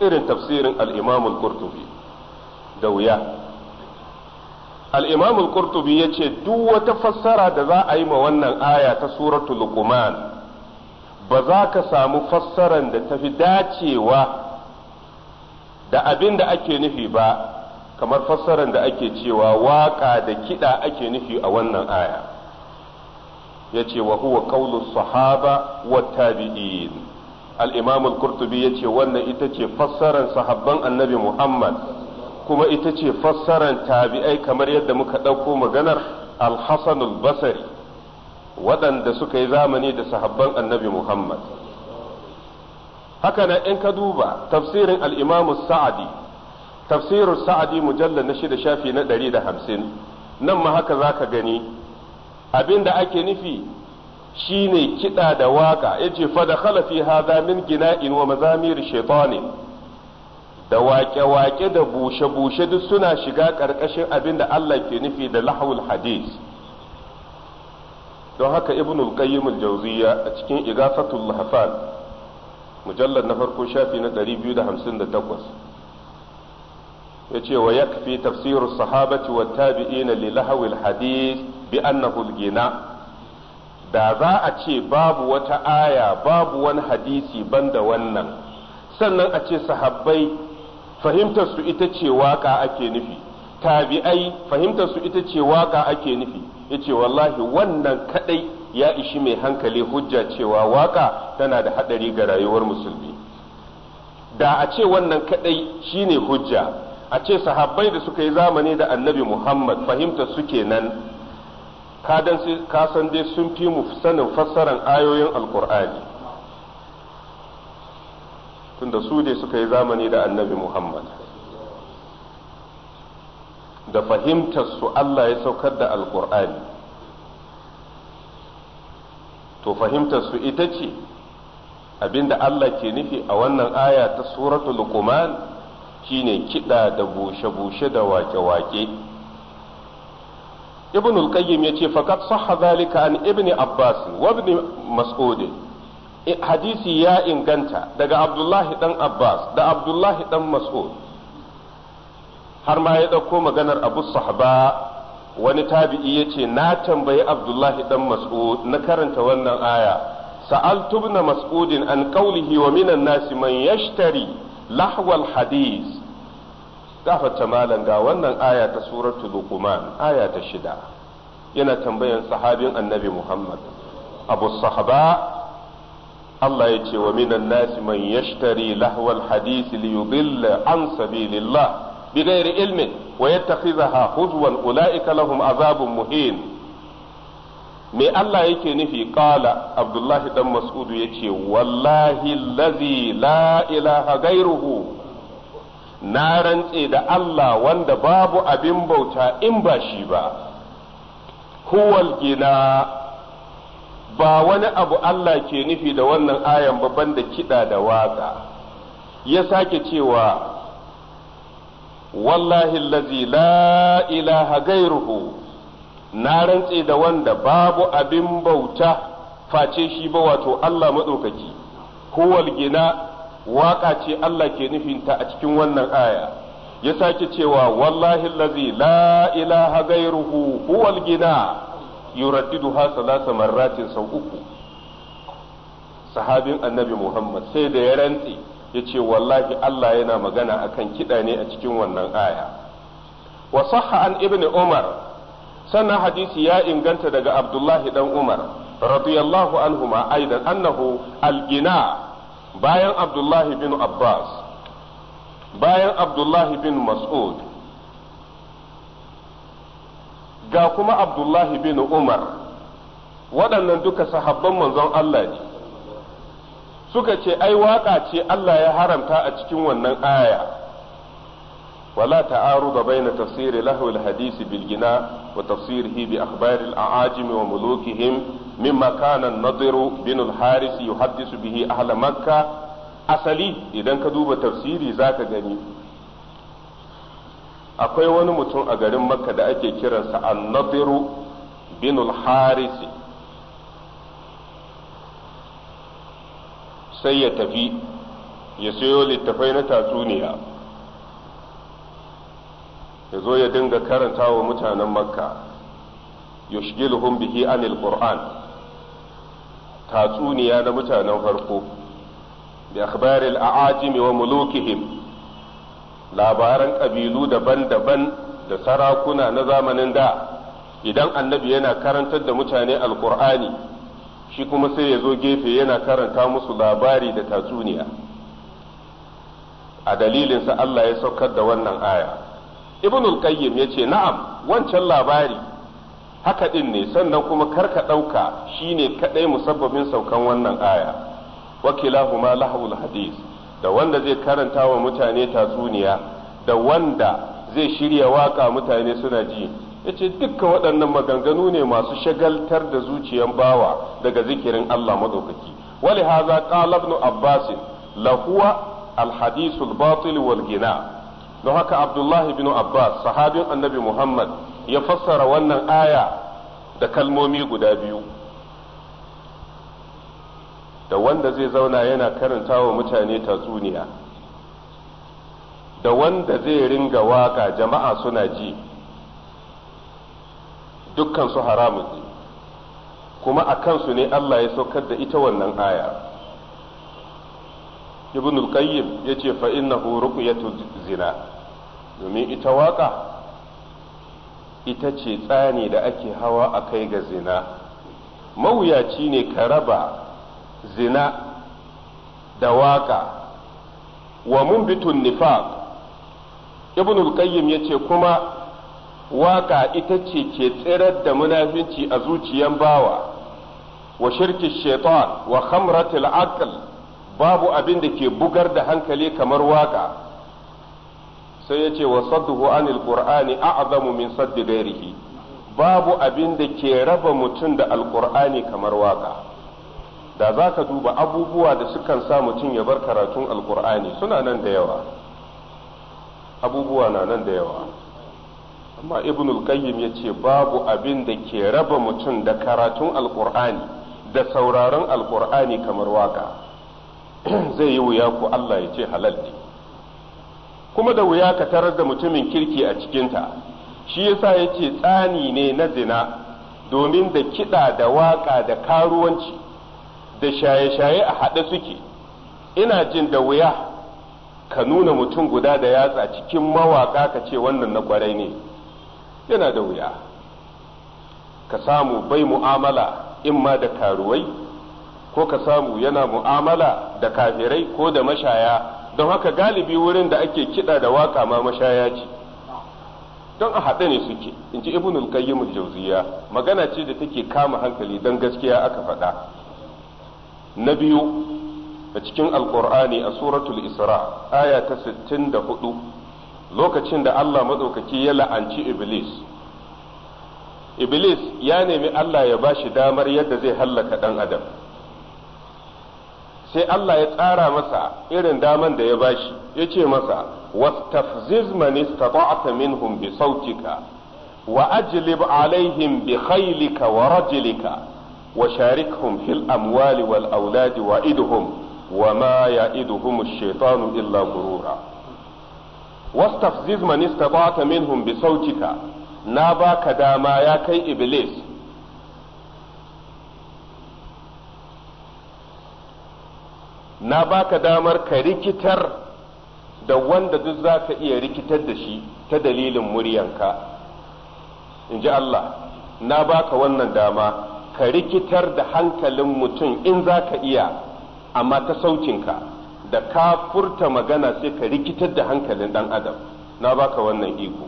irin tafsirin al-imam qurtubi da wuya al-imam al-qurtubi yace duk wata fassara da za a yi ma wannan aya ta suratul luqman ba za ka samu fassaran da tafi dacewa da abin da ake nufi ba kamar fassarar da ake cewa waƙa da kiɗa ake nufi a wannan aya ya ce wa huwa ƙaunar sahaba wa tabi'in al'imam al-kurtubi ya ce wannan ita ce fassarar sahabban annabi muhammad kuma ita ce fassarar tabi'ai kamar yadda muka ɗauko maganar al-hasan al-basari waɗanda suka yi zamani da sahabban annabi muhammad haka nan in ka duba tafsirin al-imam sa'adi tafsirin sa'adi mujallar na shida shafi na hamsin nan ma haka zaka gani abinda ake nufi shine kiɗa da waƙa yace fa da khalafi hadha min gina'in wa mazamir shaytanin da waƙe-waƙe da bushe-bushe duk suna shiga ƙarƙashin abinda Allah ke nufi da lahawul hadis don haka ibn al-qayyim a cikin igafatul hafal mujallar na farko shafi na 258 yace wa yakfi tafsiru sahabati wa tabi'ina li lahawil hadis bi annahu al da za a ce babu wata aya babu wani hadisi banda wannan sannan a ce sahabbai fahimtar su ita ce waka ake nufi tabi'ai fahimtar su ita ce waka ake nufi yace wallahi wannan kadai ya ishi mai hankali hujja cewa waka tana da haɗari ga rayuwar musulmi da a ce wannan kaɗai shine hujja a ce sahabbai da suka yi zamani da annabi muhammad fahimta suke nan ka san dai sun fi mu sanin fassaran ayoyin alkur'ani tunda su dai suka yi zamani da annabi muhammad da fahimtar su allah ya saukar da alkur'ani to fahimtar su ita ce abinda Allah ke nufi a wannan aya ta suratul luqman shine kiɗa da bushe-bushe da wake-wake ibn al-qayyim yace faqad sahha zalika an ibn abbas wa ibn mas'ud eh, hadisi ya inganta daga abdullahi dan abbas da abdullahi dan mas'ud har ma ya dauko maganar abu sahaba wani tabi'i yace na tambayi abdullahi dan mas'ud na karanta wannan aya sa'altu ibn mas'udin an qawlihi wa minan nasi man yashtari lahwal hadith gafarta malam ga wannan aya ta suratu luqman aya ta shida yana tambayan sahabin annabi muhammad abu sahaba Allah ya ce wa minan nasi man yashtari lahwal hadisi liyubilla an sabilillah بغير ilmin wa yattakhizaha اولئك لهم عذاب مهين muhin me Allah yake nufi qala abdullahi dan mas'udu yace wallahi allazi la ilaha gairuhu na rantse da Allah wanda babu abin bauta in ba shi ba huwal gina ba wani abu Allah ke nufi da wannan ayan ba banda kiɗa da waƙa ya sake cewa wallahi allazi la ilaha gairuhu na rantse da wanda babu abin bauta face shi ba wato Allah maɗaukaki kowal gina waƙa ce Allah ke nufinta a cikin wannan aya ya sake cewa wallahi allazi la ilaha gairuhu huwal gina yuraddiduha salasa marratin sau uku sahabin annabi Muhammad sai da ya rantse ya ce wallahi Allah yana magana akan kiɗa ne a cikin wannan aya wa sahha an ibn umar sannan hadisi ya inganta daga abdullahi dan umar radiyallahu anhuma aidan annahu al-gina bayan abdullahi bin abbas bayan abdullahi bin mas'ud ga kuma abdullahi bin umar waɗannan duka sahabban manzon Allah ne suka ce ai waka ce Allah ya haramta a cikin wannan aya wala ta'aruda baina tafsir lahwil hadisi bil gina wa tafsirihi bi akhbar al wa mulukihim mimma kana an-nadir bin al-haris yuhaddisu bihi ahla makka asali idan ka duba tafsiri zaka gani akwai wani mutum a garin makka da ake kiransa an-nadir bin al-haris sai ya tafi ya sayo littafai na tatsuniya ya zo ya dinga karanta wa mutanen makka yushgiluhum bihi anil qur'an tatsuniya na mutanen farko bi akhbaril a'ajim wa mulukihim labaran kabilu daban-daban da sarakuna na zamanin da idan annabi yana karantar da mutane alqur'ani shi kuma sai ya zo gefe yana karanta musu labari da tatsuniya a dalilinsa Allah ya saukar da wannan aya ibnul qayyim ya ce na'am wancan labari haka ɗin ne sannan kuma karka ɗauka shine kaɗai musabbabin saukan wannan aya wakilahuma lahawul hadis da wanda zai karanta wa mutane tatsuniya da wanda zai shirya waka mutane suna ji ce dukkan waɗannan maganganu ne masu shagaltar da zuciyan bawa daga zikirin Allah maɗaukaki wali haza ƙala ibn abbas lahuwa alhadith batil wal gina don haka abdullahi ibn abbas sahabin annabi muhammad ya fassara wannan aya da kalmomi guda biyu da wanda zai zauna yana karanta wa mutane tatsuniya da wanda zai ringa waka jama'a suna ji dukkan su haramun ne kuma a kansu ne Allah ya saukar da ita wannan aya ibn al-qayyim yace fa innahu ruqyatu zina domin ita waka ita ce tsani da ake hawa a kai ga zina mawuyaci ne ka raba zina da waka wa munbitun nifaq ibn al-qayyim yace kuma waka ita ce ke tsirar da munafinci a zuciyan bawa wa shirki shaitan wa khamratil aql babu abin da ke bugar da hankali kamar waka sai yace wa sadduhu anil qur'ani a'zamu min saddi ghairihi babu abin da ke raba mutum da alqur'ani kamar waka da zaka duba abubuwa da sukan sa mutum ya bar karatun alqur'ani suna nan da yawa abubuwa na nan da yawa amma ibnul qayyim yace babu abin da ke raba mutum da karatun alqur'ani da sauraron alqur'ani kamar waka zai yi wuya ku Allah ya ce halal ne kuma da wuya ka tarar da mutumin kirki a cikinta shi yasa yace tsani ne na zina domin da kiɗa da waka da karuwanci da shaye-shaye a haɗe suke ina jin da wuya ka nuna mutum guda da yatsa cikin mawaka ka ce wannan na kwarai ne yana da wuya ka samu bai mu'amala in ma da karuwai ko ka samu yana mu'amala da kafirai ko da mashaya don haka galibi wurin da ake kiɗa da waka ma mashaya ce don a haɗe ne suke in ji ibnul qayyim al-jawziya magana ce da take kama hankali don gaskiya aka faɗa na biyu a cikin alqur'ani a suratul isra aya ta 64 lokacin da Allah matsaukaki ya la'anci Iblis Iblis ya nemi Allah ya bashi damar yadda zai hallaka ɗan adam sai Allah ya tsara masa irin daman da ya bashi ya ce masa wastafziz man istata'ta minhum bi sautika wa ajlib alaihim bi khaylika wa rajlika wa sharikhum fil amwali wal auladi wa idhum wa ma ya'iduhum ash shaitanu illa gurura. wastafziz man istata'ta minhum bi sautika na baka dama ya kai iblis na baka damar ka rikitar da wanda duk zaka iya rikitar da shi ta dalilin muryanka in ji Allah na baka wannan dama ka rikitar da hankalin mutum in zaka iya amma ta ka. da ka furta magana sai ka rikitar da hankalin dan adam na baka wannan iko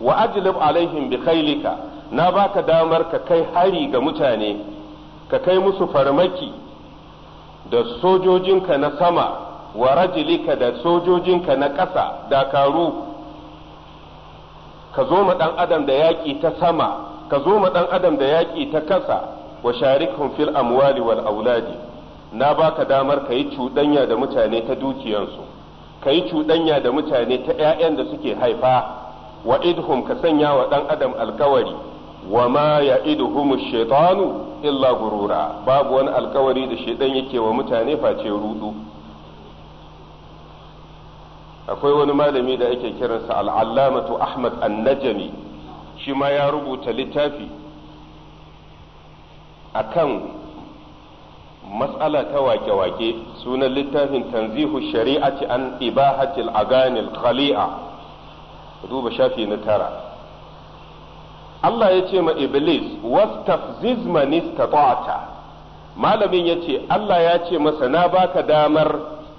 wa ajlib alaihim bi khailika na baka damar ka kai hari ga mutane ka kai musu farmaki da sojojinka na sama wa rajlika da sojojinka na ƙasa dakaru ka zo ma dan adam da yaƙi ta sama ka zo ma dan adam da yaƙi ta ƙasa wa sharikhum fil amwali wal auladi na baka damar ka yi cuɗanya da mutane ta dukiyansu ka yi cuɗanya da mutane ta 'ya'yan da suke haifa wa idhum ka sanya wa ɗan adam alkawari wa ma ya idhumu shaitanu illa gurura babu wani alkawari da shaitan yake wa mutane face rudu akwai wani malami da ake kiransa al'allamatu ahmad annajami shi ma ya rubuta littafi akan matsala ta wake-wake sunan littafin tanzihu shari'ati an ibahatil aganil khali'a duba shafi na tara Allah ya ce ma Iblis wastafziz man istata'ta malamin ya ce Allah ya ce masa na baka damar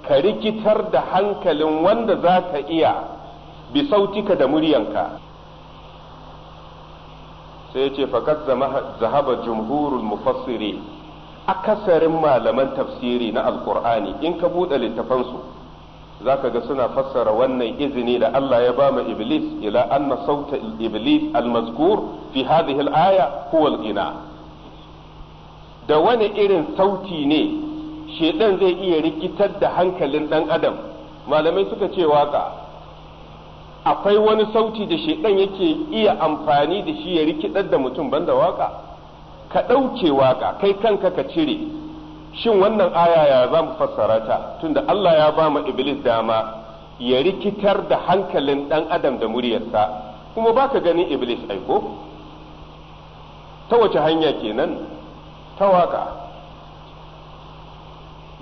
ka rikitar da hankalin wanda za ka iya bi sautika da muryanka sai ya ce fakat zahaba jumhurul mufassiri akasarin malaman tafsiri na alkur'ani in ka buɗe littafansu za ka ga suna fassara wannan izini da Allah ya ba ma iblis ila anna sauta iblis almazkur fi hadhihi al-aya huwa al-ghina da wani irin sauti ne shedan zai iya rikitar da hankalin dan adam malamai suka ce waka akwai wani sauti da shedan yake iya amfani da shi ya rikitar da mutum banda waka ka ɗauke waƙa kai kanka ka cire shin wannan aya ya za mu fassara ta tunda Allah ya ba mu iblis dama ya rikitar da hankalin ɗan adam da muryarsa kuma ba ka ganin iblis aiko ta wace hanya kenan ta waƙa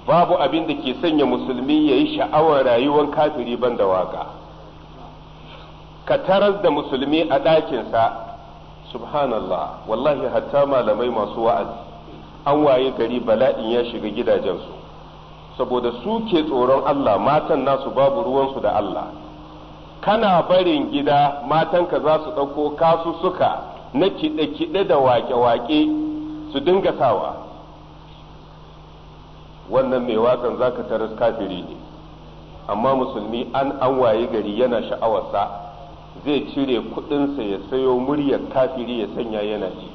babu abin da ke sanya musulmi ya yi sha'awar rayuwar kafiri ban da waƙa ka taras da musulmi a ɗakinsa subhanallah wallahi hatta malamai masu wa'azi an waye gari bala'in ya shiga gidajensu saboda su ke tsoron Allah matan nasu babu ruwansu da Allah kana barin gida matanka za su ɗauko kasussuka na kiɗe-kiɗe da wake-wake su dinga sawa wannan mai wakan zaka taras kafiri ne amma musulmi an an waye gari yana sha'awarsa zai cire kudinsa ya sayo muryar kafiri ya sanya yana ji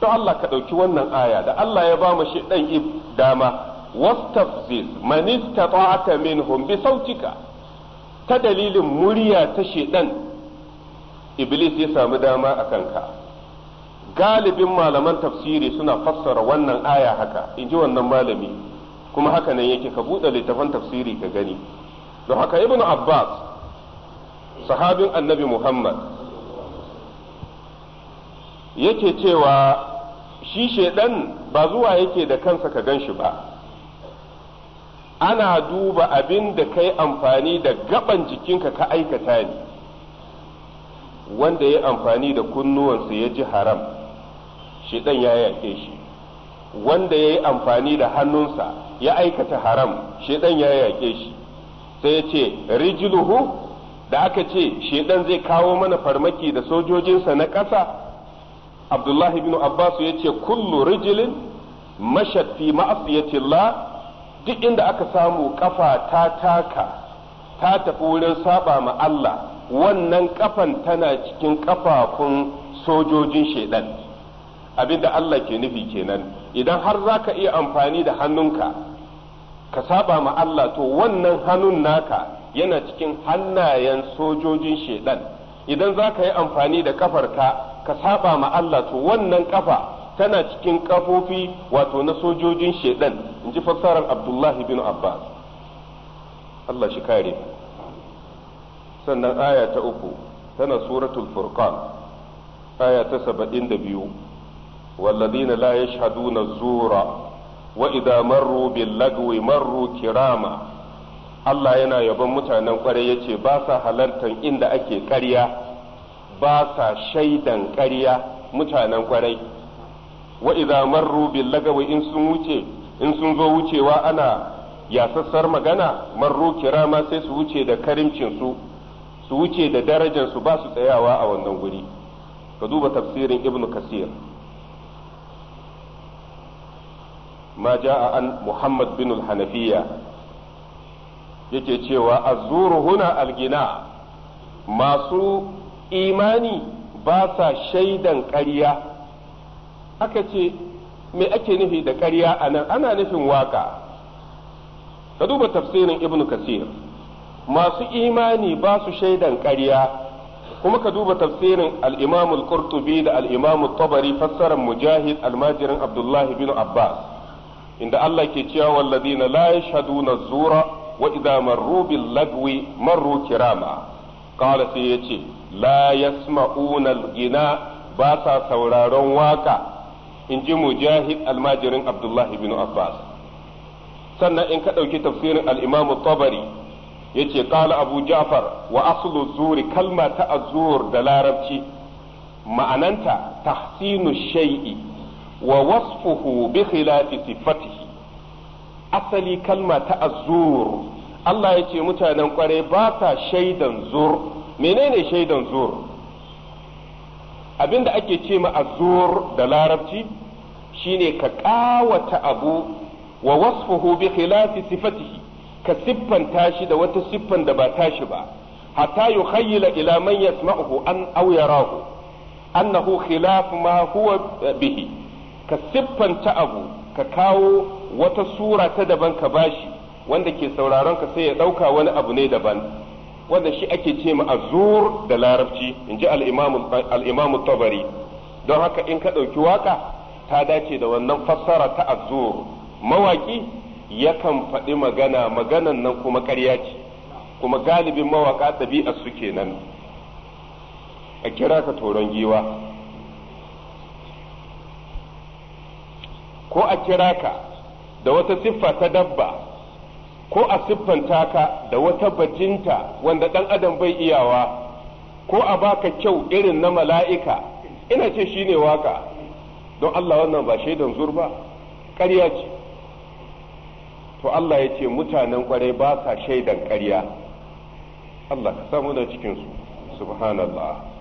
to Allah ka ɗauki wannan aya da Allah ya ba mu shi ɗan dama wastafziz man istata'ata minhum bi sautika ta dalilin murya ta shedan iblis ya samu dama a kanka galibin malaman tafsiri suna fassara wannan aya haka in ji wannan malami kuma haka nan yake ka buɗe littafan tafsiri ka gani don haka ibn abbas sahabin annabi Muhammad yake cewa shi shaidan ba zuwa yake da kansa ka gan shi ba ana duba abin da kai amfani da gaban jikinka ka aikata ne wanda ya amfani da kunnuwansa ya ji haram shaidan ya yaƙe shi wanda ya yi amfani da hannunsa ya aikata haram shaidan ya yaƙe shi sai ya ce rijluhu da aka ce shedan zai kawo mana farmaki da sojojinsa na ƙasa abdullahi bin abbas ya ce kullu rijilin mashat fi ma'asiyatillah duk inda aka samu kafa ta taka ta tafi wurin saba ma Allah wannan kafan tana cikin kafafun sojojin shedan abinda Allah ke nufi kenan idan har za ka iya amfani da hannunka ka saba ma Allah to wannan hannun naka yana cikin hannayen sojojin shedan idan za ka yi amfani da kafarka ka saba ma Allah to wannan kafa tana cikin kafofi wato na sojojin shedan in ji fassarar Abdullahi bin Abbas Allah shi kare sannan aya ta uku tana suratul furqan aya ta saba'in da biyu والذين لا يشهدون الزور وإذا مروا باللغو مروا كراما Allah yana yaban mutanen kwarai ya ce ba sa halartar inda ake ƙarya ba sa shaidan ƙarya mutanen kwarai wa idza marru bil lagawi in sun wuce in sun zo wucewa ana yasassar magana marru kirama sai su wuce da karimcin su su wuce da darajar su ba su tsayawa a wannan guri ka duba tafsirin ibnu kasir ma jaa an muhammad bin al-hanafiyya yake cewa azuru huna algina masu imani ba sa shaidan ƙarya aka ce me ake nufi da ƙarya a nan ana nufin waka ka duba tafsirin ibnu kasir masu imani ba su shaidan ƙarya kuma ka duba tafsirin al-imam qurtubi da al'imamul tabari fassarar mujahid almajirin abdullahi bin abbas inda Allah ke cewa walladina la yashhaduna zura wa idza marru bil lagwi marru kirama qala sai yace la yasma'una al gina ba sauraron waƙa in ji mujahid almajirin abdullahi bin abbas sannan in ka ɗauki tafsirin al-imam tabari yace qala abu ja'far wa aslu zuri kalma ta azur da larabci ma'ananta tahsinu shay'i wa wasfuhu bi khilafi sifatihi asali kalma ta azur Allah ya ce mutanen kwarai ba sa shaidan zur menene shaidan zur abinda ake ce ma azur da larabci shine ka kawata abu wa wasfuhu bi khilafi sifatihi ka siffanta shi da wata siffan da ba tashi ba hatta yukhayyila ila man yasma'uhu an aw yarahu annahu khilaf ma huwa bihi ka siffanta abu ka kawo wata sura ta daban ka bashi wanda ke sauraron ka sai ya ɗauka wani abu ne daban wanda shi ake ce ma azur da larabci in ji al'imamu tabari don haka in ka ɗauki waka ta dace da wannan fassara ta azur mawaki yakan faɗi magana maganan nan kuma ƙarya ce kuma galibin mawaka ɗabi'a su kenan a kira ka toron giwa ko a kira ka da wata siffa ta dabba ko a siffanta ka da wata bajinta wanda ɗan adam bai iyawa ko a baka kyau irin na mala'ika ina ce shi ne waka don Allah wannan ba shaidan zur ba ƙarya ce to Allah ya ce mutanen ƙwarai ba sa shaidan ƙarya Allah ka samu da cikinsu subhanallah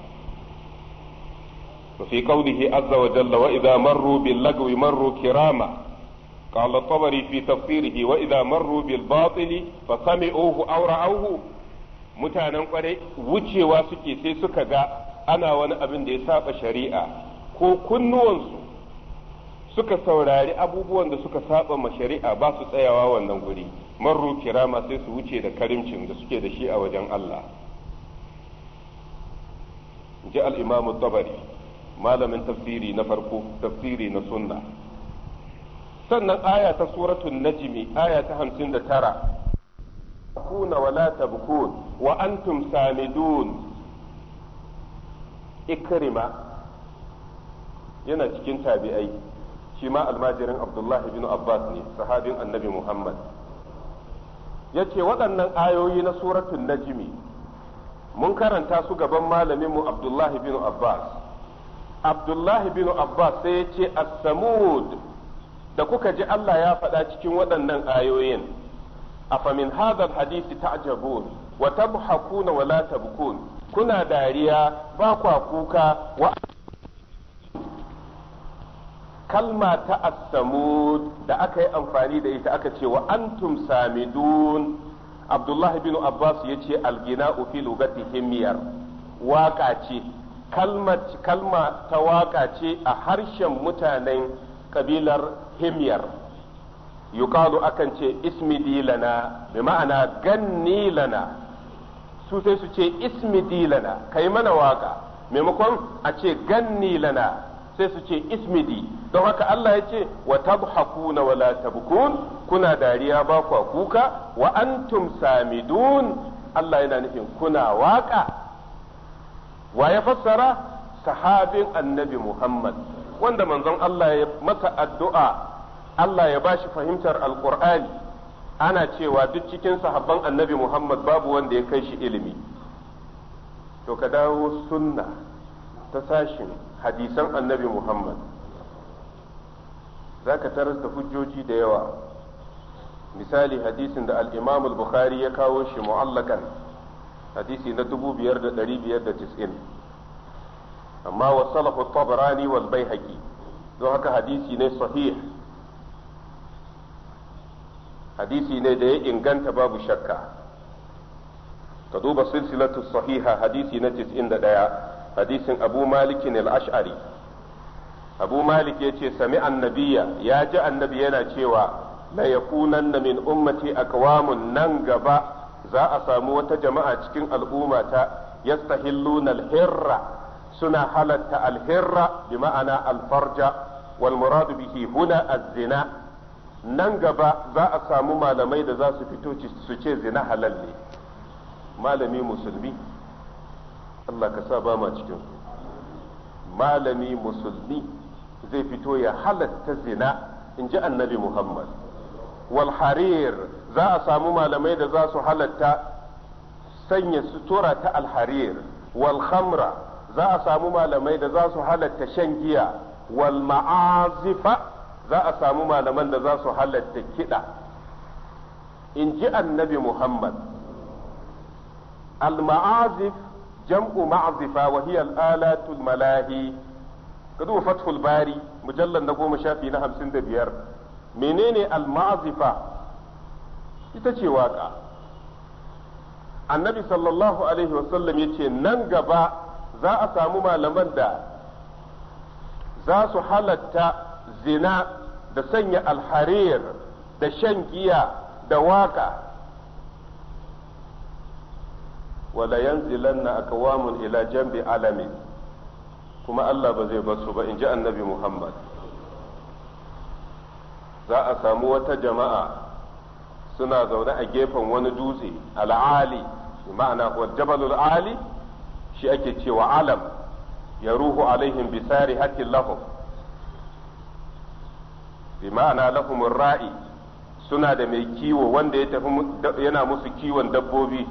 وفي قوله عز وجل وإذا مروا باللغو مروا fi قال الطبري في تفسيره وإذا مروا بالباطل فسمعوه أو رأوه mutanen kwarai wucewa suke sai suka ga ana wani abin da ya saba shari'a ko kunnuwansu suka saurari abubuwan da suka saba ma shari'a ba su tsayawa wannan guri marru kirama sai su wuce da karimcin da suke da shi a wajen Allah ji al-imamu tabari malamin tafsiri na farko tafsiri na sunna sannan aya ta suratul najmi aya ta 59 kuna wala tabkun wa antum samidun ikrima yana cikin tabi'ai shi ma almajirin abdullahi bin abbas ne sahabin annabi muhammad yace waɗannan ayoyi na suratul najmi mun karanta su gaban malaminmu abdullahi bin abbas abdullahi bin abbas sai ya ce as-samud da kuka ji Allah ya faɗa cikin waɗannan ayoyin afamin hadal hadisi ta'jabun wa tabhakuna wa la tabkun kuna dariya ba kwa kuka wa kalma ta as-samud da aka yi amfani da ita aka ce wa antum samidun abdullahi bin abbas yace al-gina'u fi lugatihim miyar waka ce kalma ta waƙa ce a harshen mutanen kabilar himyar yukalu akan ce ismi dilana bi ma'ana ganni lana su sai su ce ismi dilana kai mana waka maimakon a ce ganni lana sai su ce ismidi don haka Allah ya ce wa tabhakuna wala tabkun kuna dariya ba kwa kuka wa antum samidun Allah yana nufin kuna waka wa ya fassara sahabin annabi Muhammad wanda manzon Allah ya masa addu'a Allah ya bashi fahimtar alƙur'ani ana cewa duk cikin sahabban annabi Muhammad babu wanda ya kai shi ilimi to ka dawo sunna ta sashin hadisan annabi Muhammad za ka taras da hujjoji da yawa misali hadisin da al bukhari ya kawo shi mu'allakan hadisi na 5590 amma wa salahu tabarani wal baihaqi don haka hadisi ne sahih hadisi ne da ya inganta babu shakka ka duba silsilatu sahiha hadisi na 91 hadisin abu malikin al-ash'ari abu malik ya sami annabiya ya ji annabi yana cewa la yakunanna min ummati akwamun nan gaba za a samu wata jama'a cikin al'umma ta yastahilluna al suna halatta al bi ma'ana alfarja wal muradu bihi huna az-zina nan gaba za a samu malamai da za su fito su ce zina halal ne malami musulmi Allah ka sa ba ma cikin malami musulmi zai fito ya halatta zina in ji annabi Muhammad wal harir za a samu malamai da za su halatta sanya sutura ta alharir wal khamra za a samu malamai da za su halatta shan giya wal ma'azifa za a samu malaman da za su halatta kiɗa in ji annabi muhammad al ma'azif jam'u ma'azifa wa hiya al alatul malahi kadu fathul bari mujallal na goma shafi na hamsin da biyar menene al ma'azifa ita ce waka annabi sallallahu alaihi wasallam ya ce nan gaba za a samu malaman da za su halatta zina da sanya alharir da shan giya da waka wala yanzilanna akawamun ila jambi alamin kuma Allah ba zai basu ba in ji annabi Muhammad za a samu wata jama'a suna zaune a gefen wani dutse al'ali ma'ana wa jabalul ali shi ake cewa alam ya ruhu alaihim bisari haƙƙin lahum bi ma'ana lahumur ra'i suna da mai kiwo wanda ya tafi yana musu kiwon dabbobi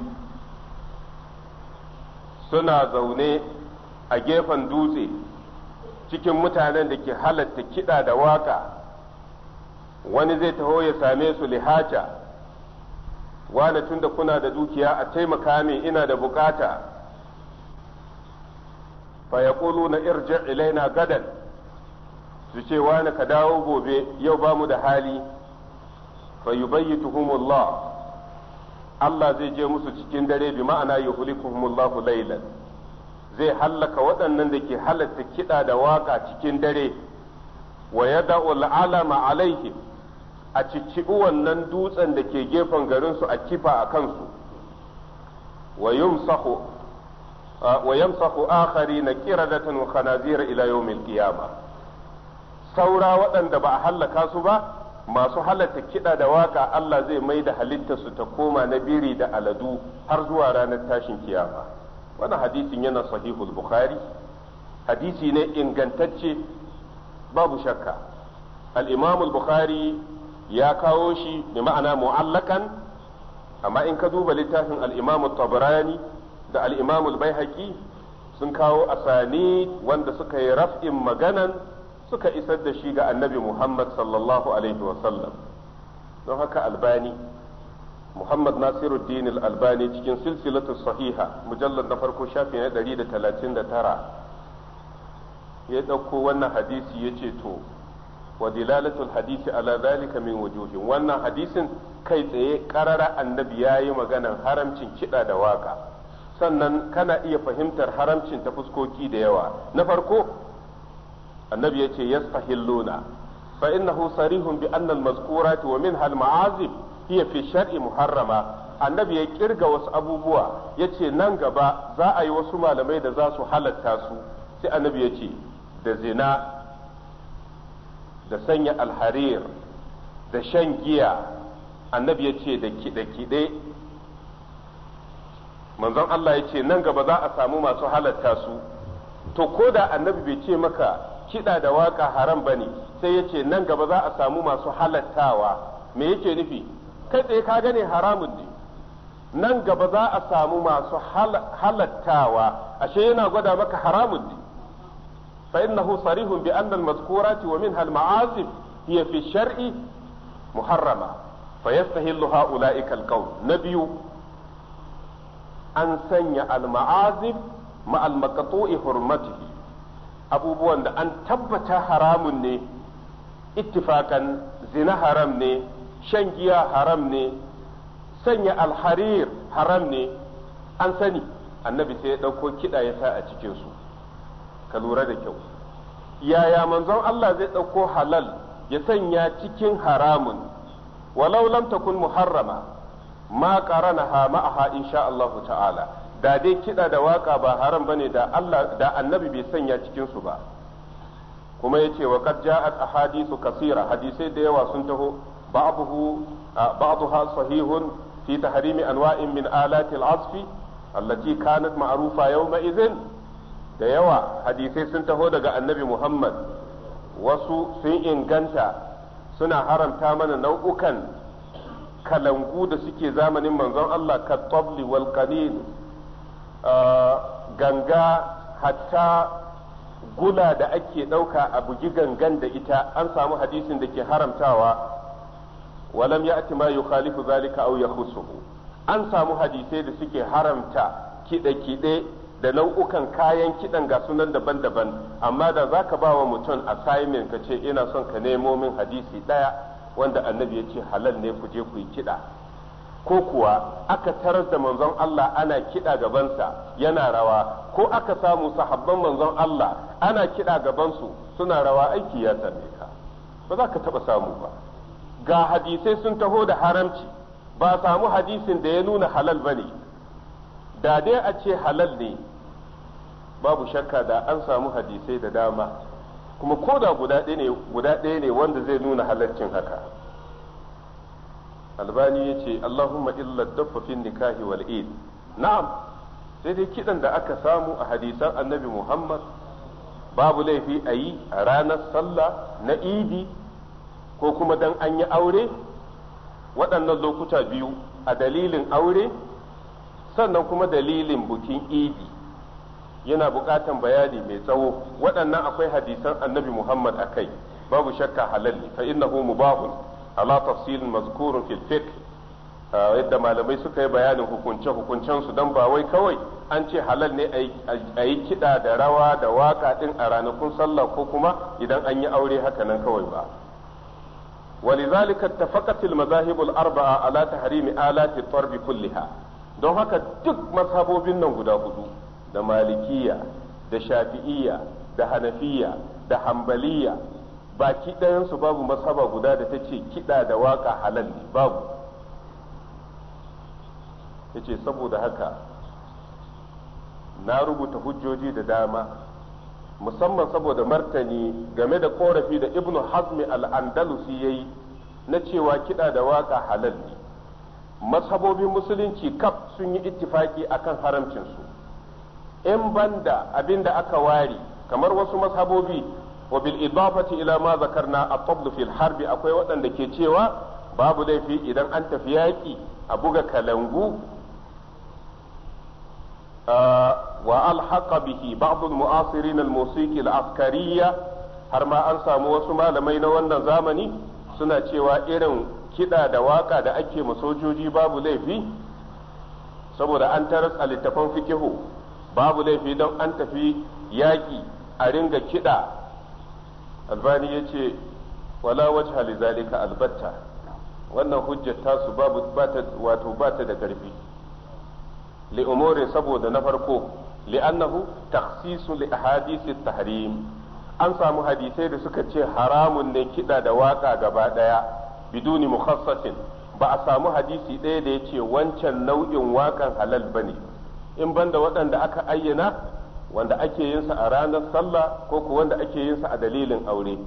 suna zaune a gefen dutse cikin mutanen da ke halatta kiɗa da waka wani zai taho ya same su lihaja wane tunda kuna da dukiya a taimaka min ina da bukata fa ya na irji ilaina gadan su ce wane ka dawo gobe yau ba mu da hali fa yi yubayyituhumullah Allah zai je musu cikin dare bi ma'ana yuhlikuhumullahu laylan zai hallaka waɗannan da ke halatta kiɗa da waƙa cikin dare wa ya da'ul alama alaihim a cicciɓi wannan dutsen da ke gefen garinsu a kifa a kansu wa yamsahu akhari na da tanu khanazira ila yawmil qiyama saura waɗanda ba a hallaka su ba masu halatta kiɗa da waka Allah zai mai da su ta koma na biri da aladu har zuwa ranar tashin kiyama Wani hadisin yana sahihul bukhari hadisi ne ingantacce babu shakka al-imam al-bukhari ya kawo shi bi ma'ana mu'allakan amma in ka duba littafin al-Imam tabarani da al-Imam al-Baihaqi sun kawo asani wanda suka yi raf'in maganan suka isar da shi ga Annabi Muhammad sallallahu alaihi wa sallam don haka albani Muhammad Nasiruddin al-Albani cikin silsilatu sahiha mujallar na farko shafi na 139 ya dauko wannan hadisi yace to wa dilalatul hadisi ala min wujuhin wannan hadisin kai tsaye karara annabi yi maganan haramcin kiɗa da waƙa sannan kana iya fahimtar haramcin ta fuskoki da yawa na farko annabi yace yastahilluna fa innahu sarihun bi anna al-mazkurati wa min al-ma'azib hiya fi shar'i muharrama annabi ya kirga wasu abubuwa ya ce nan gaba za a yi wasu malamai da za su halatta su sai annabi ya ce da zina da sanya alharir da shan giya annabi ya ce da kiɗe-kiɗe manzon Allah ya ce nan gaba za a samu masu halatta su to ko da annabi bai ce maka kiɗa da waka haram ba ne sai ya ce nan gaba za a samu masu halattawa me yake nufi kai tsaye ka gane haramun ne nan gaba za a samu masu halattawa ashe yana gwada maka haramun ne فإنه صريح بأن المذكورات ومنها المعازف هي في الشرع محرمة فيستهل هؤلاء كالقول نبي أن سني المعازف مع المقطوع حرمته abubuwan da an tabbata haramun ne ittifakan zina haram ne shan giya haram ne sanya alharir haram ne an sani annabi sai ya ɗauko kiɗa ya sa a cikinsu ka lura da kyau yaya manzon Allah zai ɗauko halal ya sanya cikin haramun walau lam takun muharrama ma qaranaha ma'aha insha Allah ta'ala da dai kiɗa da waka ba haram bane da Allah da annabi bai sanya cikin su ba kuma yace wa qad ja'at ahadithu kasira hadisai da yawa sun taho ba'dahu ba'daha sahihun fi tahrimi anwa'in min alati al-asfi allati kanat ma'rufa yawma idhin da yawa hadisai sun taho daga annabi Muhammad wasu sun inganta suna haramta mana nau'ukan kalangu da suke zamanin manzon Allah ka tabli wal ah, ganga hatta gula da ake ɗauka a bugi gangan da ita an samu hadisin da ke haramtawa walam ya'ti ma yukhalifu zalika aw yakhusuhu an samu hadisai da suke haramta kiɗe-kiɗe. da nau'ukan kayan kiɗan ga sunan daban-daban amma da za ka ba wa mutum assignment ka ce ina son ka nemo min hadisi ɗaya wanda annabi ya ce halal ne ku je ku yi kiɗa ko kuwa aka tarar da manzon Allah ana kiɗa gabansa yana rawa ko aka samu sahabban manzon Allah ana kiɗa gabansu suna rawa aiki ya same ka ba za ka taɓa samu ba ga hadisai sun taho da haramci ba samu hadisin da ya nuna halal bane ne da dai a ce halal ne babu shakka da an samu hadisai da dama kuma ko da guda ɗaya ne wanda zai nuna halaccin haka albani ya ce allahumma illa dabba fin nikahi wal id na'am sai dai kidan da aka samu a hadisan annabi muhammad babu laifi a yi a ranar sallah na idi ko kuma dan an yi aure waɗannan lokuta biyu a dalilin aure sannan kuma dalilin bukin idi yana buƙatan bayani mai tsawo waɗannan akwai hadisan annabi Muhammad a kai babu shakka halal ne fa innahu mubahun ala tafsilin mazkurun fil fiqh ah, yadda malamai suka yi bayanin hukunce hukuncen su dan ba wai kawai an ce halal ne a yi kiɗa da rawa da waka ɗin a ranakun sallah ko kuma idan an yi aure haka nan kawai ba ولذلك اتفقت المذاهب الأربعة على تحريم آلات الطرب كلها don haka duk mazhabobin nan guda hudu da malikiya da shafi'iyya da hanafiya da hambaliya baki ɗayansu babu masaba guda da ta ce kiɗa da waka halal ne babu ya ce saboda haka na rubuta hujjoji da dama musamman saboda martani game da korafi da ibnu hazmi al'andalusi ya yi na cewa kiɗa da waka halal ne masabobin musulunci kaf sun yi ittifaki akan haramcinsu in banda da aka ware kamar wasu mazhabobi wa bil idafati ila ma zakarna at fi al harbi akwai waɗanda ke cewa babu laifi idan an tafi yaƙi a buga kalangu wa alhaqa bihi ba'd al-mu'asirin al-musiqi al-askariyya har ma an samu wasu malamai na wannan zamani suna cewa irin kiɗa da waƙa da ake ma sojoji babu laifi saboda an taras a littafan fikihu babu laifi don an tafi yaƙi a ringa kiɗa albani ya ce wala wajha li zalika albatta wannan hujjar tasu babu bata wato bata da ƙarfi li saboda na farko li'annahu takhsisu li ahadisi tahrim an samu hadisai da suka ce haramun ne kiɗa da waƙa gaba ɗaya biduni mukhassasin ba a samu hadisi ɗaya da ya ce wancan nau'in waƙan halal bane in banda waɗanda aka ayyana wanda ake yin sa a ranar sallah ko ko wanda ake yin sa a dalilin aure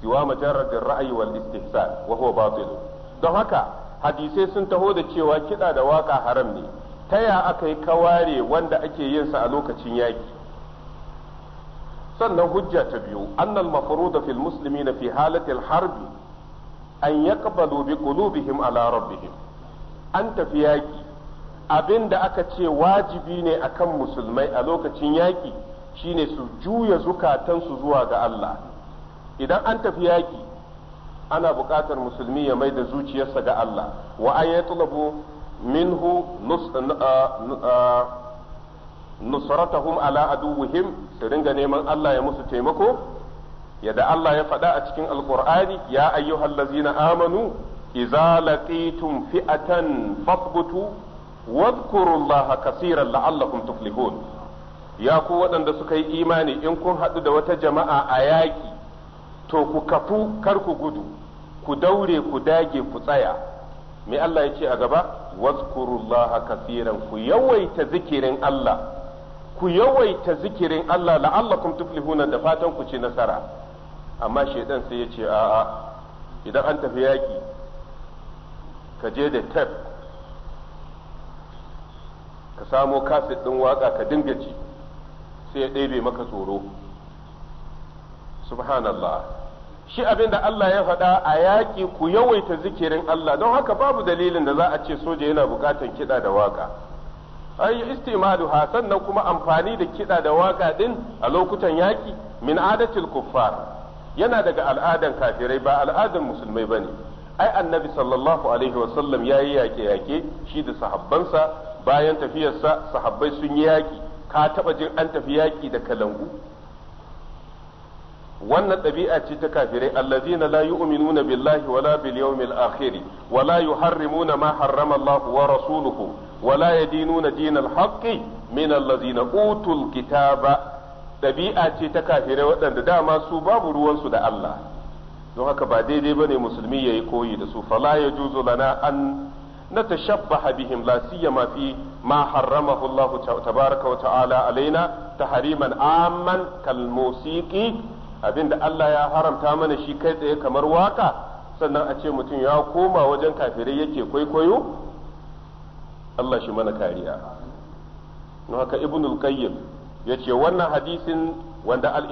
siwa majarradin ra'ayi wal istihsan wa huwa batil don haka hadisai sun taho da cewa kiɗa da waka haram ne ta ya aka yi kaware wanda ake yin sa a lokacin yaki sannan hujja ta biyu annal mafruda fil muslimina fi halatil harbi an yaqbalu bi qulubihim ala rabbihim an tafi yaki abin da aka ce wajibi ne akan musulmai a lokacin yaƙi shine su juya zukatansu zuwa ga Allah idan an tafi yaƙi ana buƙatar musulmi ya mai da zuciyarsa ga Allah wa an yatlabu minhu nusratahum ala aduwwihim su ringa neman Allah ya musu taimako yadda Allah ya faɗa a cikin alƙur'ani ya ayyuhallazina amanu idza laqitum fi'atan fathbutu wadkurullaha kasiran la'allakum tuflihun ya ku waɗanda suka yi imani in kun haɗu da wata jama'a a yaƙi to ku kafu kar ku gudu ku daure ku dage ku tsaya me Allah ya ce a gaba wadkurullaha kasiran ku yawaita zikirin Allah ku yawaita zikirin Allah la'allakum tuflihuna da fatan ku ci nasara amma shaidan sai ya ce a'a idan an tafi yaƙi ka je da tef ka samo kaset ɗin waka ka dinga ci sai ya ɗebe maka tsoro subhanallah shi abin da Allah ya faɗa a yaƙi ku yawaita zikirin Allah don haka babu dalilin da za a ce soja yana buƙatar kiɗa da waka ai hasan sannan kuma amfani da kiɗa da waka ɗin a lokutan yaƙi min adatil kuffar yana daga al'adan kafirai ba al'adan musulmai bane ai annabi sallallahu alaihi wasallam yayi yaƙe-yaƙe shi da sahabbansa bayan tafiyarsa sahabbai sun yi yaƙi ka taɓa jin an tafi yaƙi da kalangu wannan ɗabi'a ce ta kafirai allazina la yu'minuna billahi wala bil yawmil akhir wala yuharrimuna ma harrama Allah wa rasuluhu wala yadinuna dinal haqqi min allazina utul kitaba ɗabi'a ce ta kafirai waɗanda dama su babu ruwansu da Allah don haka ba daidai bane musulmi yayi koyi da su fala yajuzu lana an نتشبه بهم لا سيما في ما حرمه الله تبارك وتعالى علينا تحريما عاما كالموسيقى abinda Allah ya haramta mana shi kai tsaye kamar waka sannan a ce mutum ya koma wajen kafirai yake kwaikwayo Allah shi mana kariya na haka ibnul qayyim ce wannan hadisin wanda al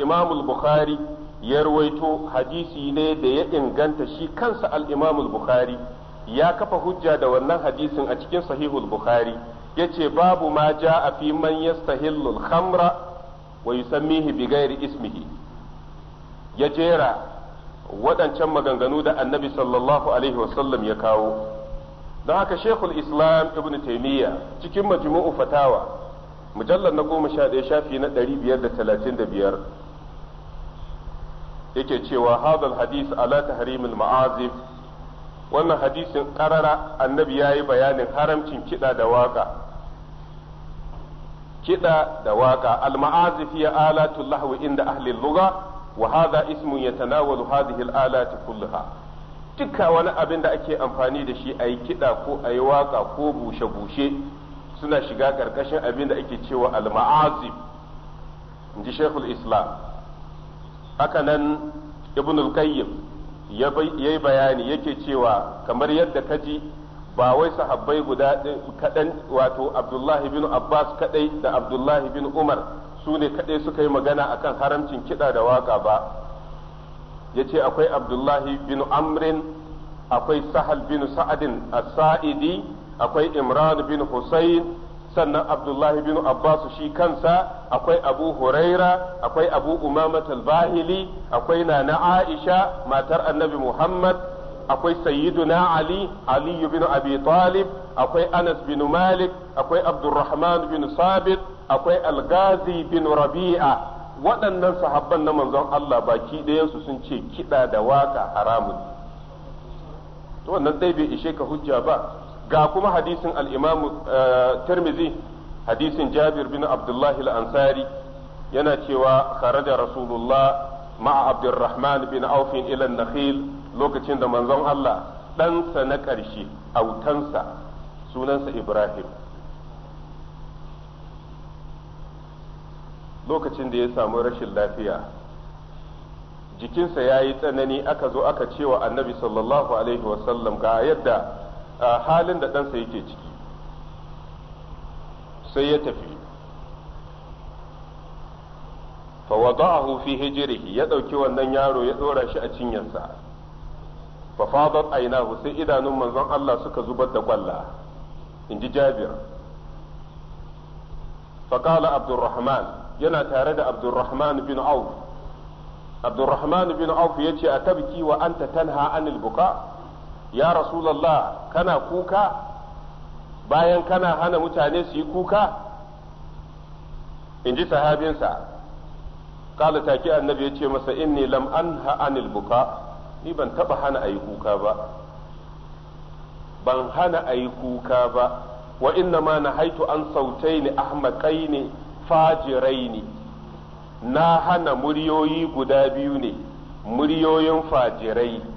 bukhari ya rawaito hadisi ne da ya inganta shi kansa al bukhari ya kafa hujja da wannan hadisin a cikin sahihul bukhari ce babu ma a fi man yastahillu al-khamra wa yusammihi bi ismihi ya jera waɗancan maganganu da annabi sallallahu alaihi wasallam ya kawo don haka shekul islam ibn taimiyya cikin majmu'u fatawa mujallar na goma sha ɗaya shafi na ɗari biyar da talatin da biyar yake cewa hadal hadis ala tahrimil ma'azif wannan hadisin karara annabi ya yi bayanin haramcin kiɗa da waƙa kiɗa da ya alatu lahwi inda ahli lugha wa hadha ismun tanawalu hadhihi alati kulluha duka wani abin da ake amfani da shi a yi kiɗa ko a yi waƙa ko bushe-bushe suna shiga ƙarƙashin abin da ake cewa alma'azi in ji shekul islam haka nan ibn al-qayyim ya yi bayani yake cewa kamar yadda ka ji ba wai sahabbai guda kaɗan wato abdullahi bin abbas kaɗai da abdullahi bin umar su ne kaɗai suka yi magana akan haramcin kiɗa da waƙa ba ya ce akwai abdullahi bin amrin akwai sahal bin sa'adin as-sa'idi akwai imran bin husayn sannan abdullahi bin abbas shi kansa akwai abu huraira akwai abu umamat al-bahili akwai nana aisha matar annabi muhammad akwai sayyiduna ali ali bin abi talib akwai anas bin malik akwai abdurrahman bin sabit akwai al-ghazi bin rabi'a waɗannan sahabban na manzon Allah baki ɗayansu sun ce kiɗa da waka haramun to wannan dai bai ishe ka hujja ba ga kuma hadisin alimam eh, tirmizi hadisin jabir bin abdullahi al-ansari yana cewa kharaja rasulullah ma'a abdurrahman bin aufin ilan nakhil lokacin da manzon Allah ɗansa na ƙarshe autansa sunansa ibrahim lokacin da ya samu rashin lafiya jikinsa ya yi tsanani aka zo aka cewa annabi sallallahu alaihi wasallam ga yadda A halin da ɗansa yake ciki sai ya tafi fawada'ahu fi hijiri ya ɗauki wannan yaro ya ɗora shi a cinyansa fa fadat ainahu sai idanun manzon Allah suka zubar da kwalla inji Jabir fa qala Abdurrahman yana tare da Abdulrahman bin Auf Abdurrahman bin Auf yace atabki wa anta tanha anil buka ya rasulallah kana kuka bayan kana hana mutane su yi kuka in ji sahabinsa kala take annabi ya ce masa inni lam anha anil buka ni ban taba hana a yi kuka ba ban hana a yi kuka ba wa inna ma na haitu an sautai ni ahmakai ne fajirai ne na hana muryoyi guda biyu ne muryoyin fajirai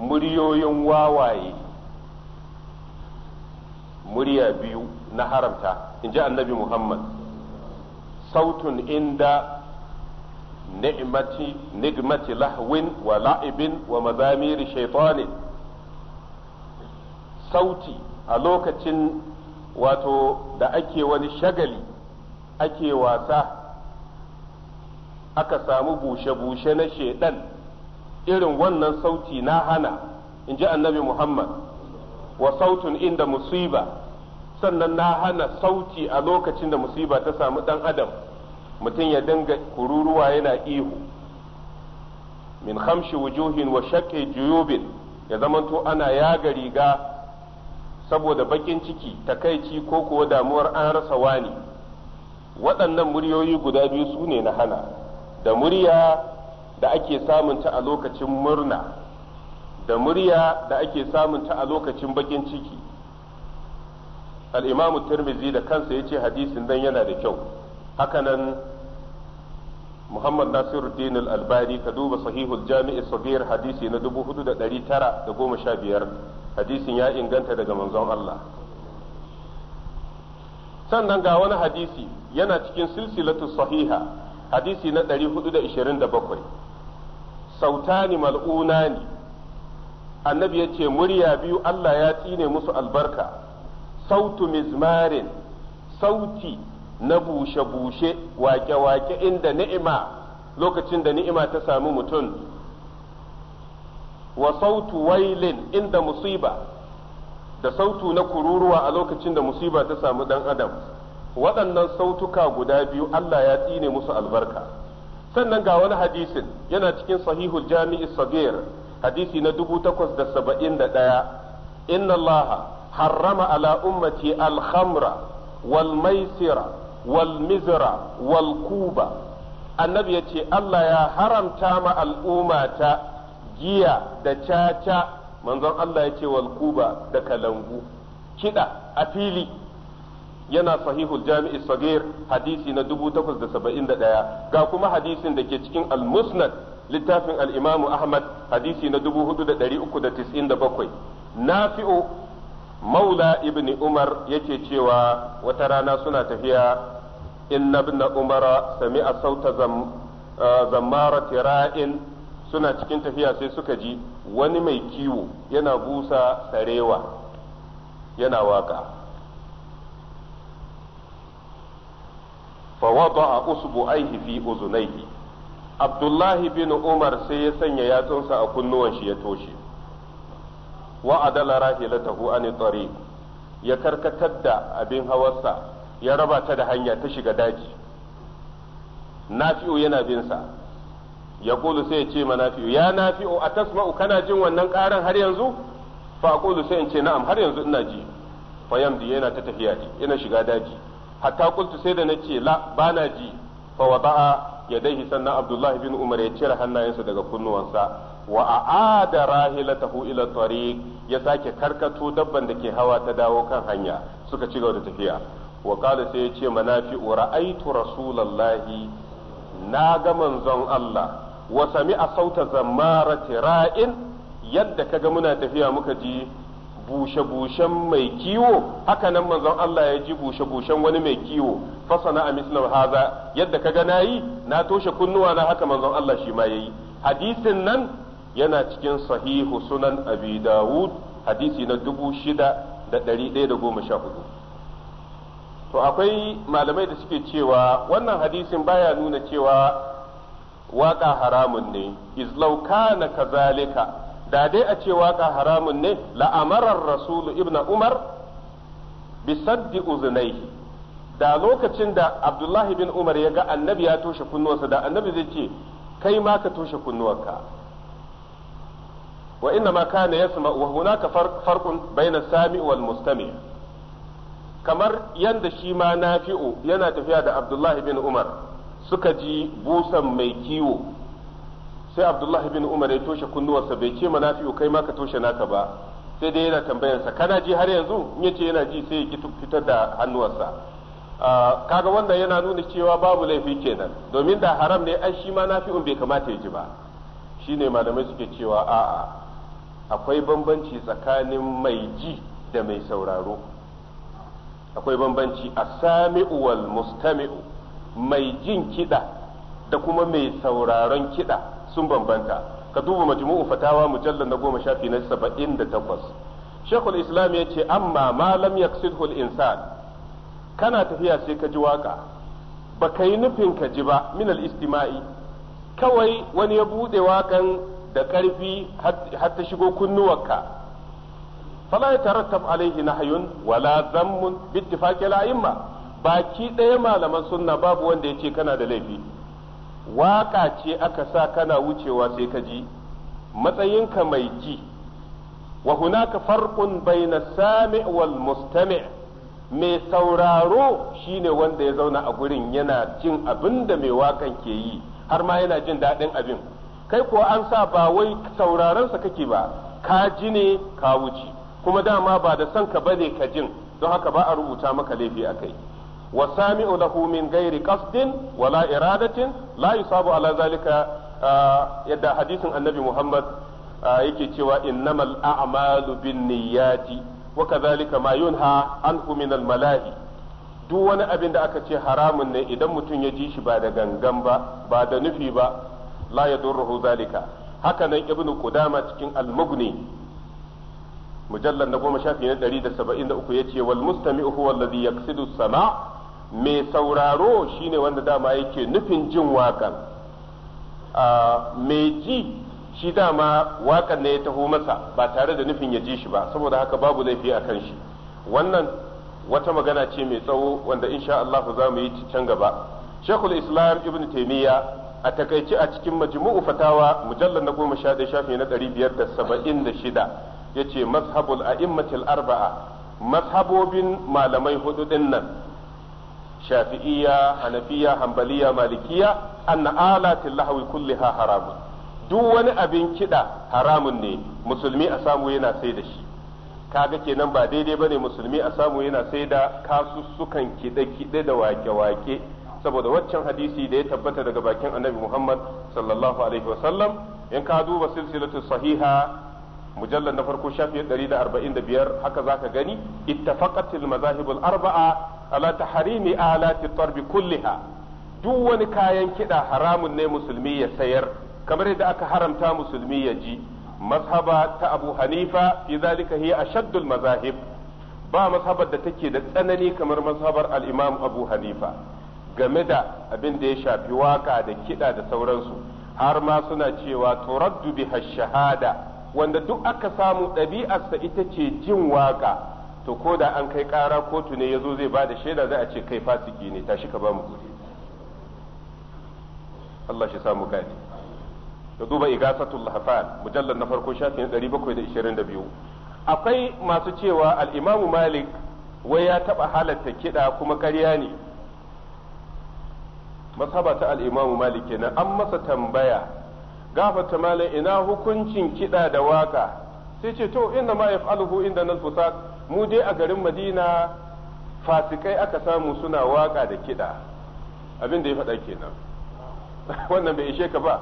muryoyin wawaye murya biyu na haramta in ji annabi muhammad sautun inda ni'mati nigmati lahwin wa la'ibin wa mazamiri shaitanin sauti a lokacin wato da ake wani shagali ake wasa aka samu bushe-bushe na shaiɗan. irin wannan sauti na hana in ji annabi Muhammad wa sautun inda musiba sannan na hana sauti a lokacin da musiba ta samu dan adam mutum ya dinga kururuwa yana ihu min khamshi wujuhin wa shaƙe juyubin ya zamanto ana yaga riga saboda bakin ciki takaici ko kuwa damuwar an rasa wani waɗannan muryoyi guda biyu su ne na hana da murya da ake samunta a lokacin murna da murya da ake samunta a lokacin bakin ciki al'imamu tirmizi da kansa ya ce hadisin dan yana da kyau hakanan muhammad nasiruddin al albari ka duba sahihul jami'i sabir hadisi na 4,915 hadisin ya inganta daga manzon Allah sannan ga wani hadisi yana cikin silsilatu sahiha hadisi na 427 sautani mal'una ne annabi ya ce murya biyu Allah ya tsine musu albarka sautu mizmarin sauti na bushe-bushe wake-wake inda ni'ima lokacin da ni'ima ta sami mutum wa sautu wailin inda musiba da sautu na kururuwa a lokacin da musiba ta samu dan adam waɗannan sautuka guda biyu Allah ya tsine musu albarka sannan ga wani hadisin yana cikin sahihul jami'i sabir hadisi na dubu inna allaha harrama ala ummati al-khamra wal maisira wal mizra wal kuba annabi yace Allah ya haramta ma al'ummata giya da caca manzon Allah yace wal kuba da kalangu kida a fili yana sahihul jami'i sagir hadisi na 871 ga kuma hadisin da ke cikin al-musnad littafin al-imamu ahmad hadisi na 4397 nafi'u maula ibni umar yake cewa wata rana suna tafiya inna ibn umar sami'a sauta eh, zammara tira'in suna cikin tafiya sai suka ji wani mai kiwo yana busa sarewa yana waka فوضع أصبعيه في أذنيه عبد الله بن عمر سيسن ياتنسى أكنوان يتوشي وعدل راحلته عن الطريق ya karkatar da abin hawarsa ya raba ta da hanya ta shiga daji nafi'u yana bin sa ya kulu sai ya ce ma nafi'u ya nafi'u a tasma'u kana jin wannan karan har yanzu fa kulu sai in na'am har yanzu ina ji fa yana ta tafiya ina shiga daji hatta kuntu sai da nace la bana ji fa wada'a yadayhi sannan Abdullah bin Umar ya cire hannayensa daga kunnuwansa wa a'ada rahilatahu ila tariq ya sake karkato dabban da ke hawa ta dawo kan hanya suka ci gaba da tafiya wa qala sai ya ce Aitu ra'aitu rasulullahi na ga manzon Allah wa sami'a sauta zammarati ra'in yadda kaga muna tafiya muka ji bushe-bushen mai kiwo haka nan manzon Allah ya ji bushe-bushen wani mai kiwo fasana a mislar haza yadda kaga na yi na toshe kunnuwa na haka manzon Allah shi ma ya yi hadisin nan yana cikin sahihu sunan abi dawud hadisi na dubu shida da ɗari ɗaya da goma sha hudu to akwai malamai da suke cewa wannan hadisin baya nuna cewa waka haramun ne izlau kana kazalika da dai a ce waka haramun ne la'amarar rasulu ibn umar bisaddi uzunaihi da lokacin da abdullahi bin umar ya ga annabi ya toshe kunnuwansa da annabi zai ce kai ma ka toshe kunnuwanka wa inna ma kana yasma wa hunaka farqun bayna sami wal mustami kamar yanda shi ma nafi'u yana tafiya da abdullahi bin umar suka ji busan mai kiwo sai abdullah bin umar ya toshe kunnuwarsa bai ce manafi'u kai ma ka toshe naka ba sai dai yana tambayarsa kana ji har yanzu in yace yana ji sai ya fitar da hannuwarsa ah, kaga wanda yana nuna cewa babu laifi kenan domin da haram ne ai shi ma nafi'un bai kamata ya ji ba shine malamai suke cewa a'a akwai bambanci tsakanin mai ji da mai sauraro akwai bambanci a samiu wal mustami'u mai jin kiɗa da kuma mai sauraron kiɗa sun bambanta ka duba majmu'u fatawa mujallal na goma shafi na saba'in da takwas shekul islam ya ce amma ma lam yaqsidhu al-insan kana tafiya sai ka ji waka baka yi nufin ka ji ba min al-istima'i kawai wani ya bude wakan da karfi har ta shigo kunnuwarka fala ya alayhi alaihi nahyun wala zammun bi ittifaqi aimma baki ɗaya malaman sunna babu wanda ya kana da laifi waƙa ce aka sa kana wucewa sai ka ji matsayinka mai ji wa hunaka farqun bayna sami wal mustami' mai sauraro shine wanda ya zauna a gurin yana jin abinda mai wakan ke yi har ma yana jin daɗin abin kai kuwa an sa ba wai sauraronsa kake ba ka ji ne ka wuce kuma dama ba da son ka bane ka jin don haka ba a rubuta maka laifi a kai wa sami'u gairi min wala iradatin la yusabu ala zalika yadda hadisin annabi Muhammad yake cewa innamal a'malu binniyati wa kadhalika ma yunha anhu min al duk wani abin da aka ce haramun ne idan mutum ya ji shi ba da gangan ba ba da nufi ba la yadurruhu zalika haka nan ibnu ƙudama cikin almugni mujallar na goma shafi na ɗari da saba'in da uku ya ce wal mustami huwa alladhi yaqsidu sama mai sauraro shine wanda dama yake nufin jin waƙan mai ji shi dama waƙan ne ya taho masa ba tare da nufin ya ji shi ba saboda haka babu laifi a kan shi wannan wata magana ce mai tsawo wanda insha Allah za mu yi can gaba shekul islam ibn taimiyya a takaici a cikin majmu'u fatawa mujallar na goma sha ɗaya shafi na ɗari biyar da saba'in da shida ya ce mazhabul a'immatil arba'a mazhabobin malamai hudu ɗin nan shafi'iyya hanafiya hambaliya malikiya anna alatil kulli kulliha haramun duk wani abin kiɗa haramun ne musulmi a samu yana sai da shi kaga kenan ba daidai bane musulmi a samu yana sai da kasussukan kiɗe-kiɗe da wake-wake saboda waccan hadisi da ya tabbata daga bakin annabi Muhammad sallallahu alaihi wasallam in ka duba silsilatu sahiha mujallar na farko shafi 145 haka zaka gani ittafaqatil mazahibul arba'a ala tahrimi alati tarbi kulliha duk wani kayan kiɗa haramun ne musulmi ya sayar kamar yadda aka haramta musulmi ya ji mazhaba ta Abu Hanifa fi zalika hiya ashaddul mazahib ba mazhabar da take da tsanani kamar mazhabar al-Imam Abu Hanifa game da abin da ya shafi waka da kiɗa da sauransu har ma suna cewa turaddu biha shahada wanda duk aka samu ɗabi'arsa ita ce jin waka to ko da an kai kara kotu ne yazo zai ba da shaida za a ce kai fasiki ne tashi ka ba mu kuɗi Allah shi samu gani da duba igasatul hafal mujallar na farko shafin 722 akwai masu cewa al imam malik wai ya taba halatta kiɗa kuma ƙarya ne masaba ta al imam malik kenan an masa tambaya gafata malam ina hukuncin kiɗa da waka sai ce to inna ma yaf'aluhu inda nan fusak mu dai a garin madina fasikai aka samu suna waka da kiɗa abin da ya faɗa kenan wannan bai ishe ka ba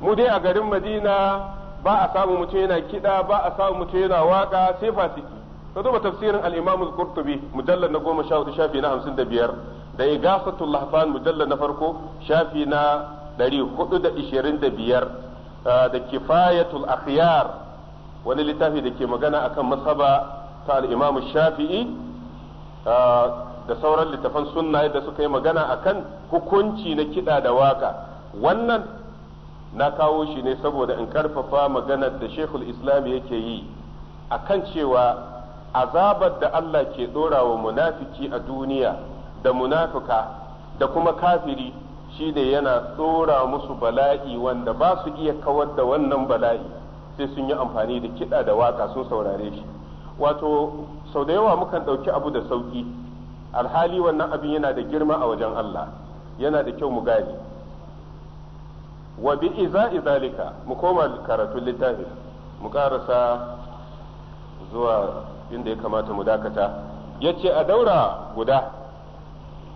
mu dai a garin madina ba a samu mutum yana kiɗa ba a samu mutum yana waka sai fasiki ka duba tafsirin al-imam al-qurtubi mujallal na goma sha hudu shafi na hamsin da biyar da igasatul lahfan mujallal na farko shafi na ɗari hudu da ishirin da biyar ah, da kifayatul akhyar wani littafi da ke magana akan masaba ta al Shafi'i da sauran littafan sunna da suka yi magana akan hukunci na kiɗa da waka wannan na kawo shi ne saboda in karfafa maganar da Sheikhul Islam yake yi akan cewa azabar da Allah ke ɗorawa munafiki a duniya da munafuka da kuma kafiri shi ne yana tsora musu bala'i wanda ba su iya kawar da wannan bala'i sai sun yi amfani da kiɗa da waka sun saurare shi wato sau da yawa mukan ɗauki abu da sauƙi alhali wannan abin yana da girma a wajen Allah yana da kyau mu gane wa bi iza izalika mu koma karatun littafin mu karasa zuwa inda ya kamata mu dakata yace a daura guda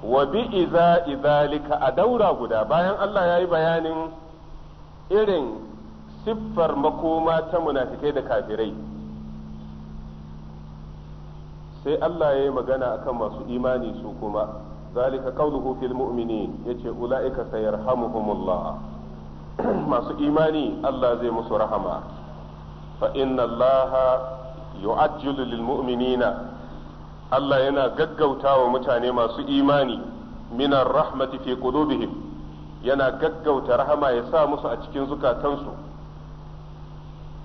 wa bi iza izalika a daura guda bayan Allah ya yi bayanin irin siffar makoma ta munafikai da kafirai sai Allah ya yi magana akan masu imani su kuma zalika qawluhu fil mu'minin yace ulaika sayarhamuhumullah masu imani Allah zai musu rahama fa inna Allah yu'ajjilu lil mu'minina Allah yana gaggautawa mutane masu imani minar rahmati fi qulubihim yana gaggauta rahama ya sa musu a cikin zukatansu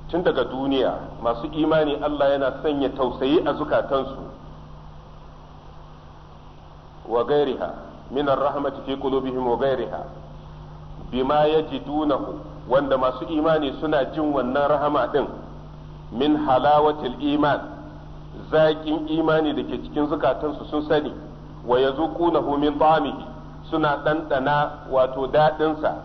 tun daga duniya masu imani Allah yana sanya tausayi a zukatansu wa gairiha min rahmati fi qulubihim wa gairiha bima yajidunahu wanda masu imani suna jin wannan rahama din min halawatil iman zaƙin imani da ke cikin zukatansu sun sani wa yazuqunahu min ta'amihi suna ɗanɗana wato daɗinsa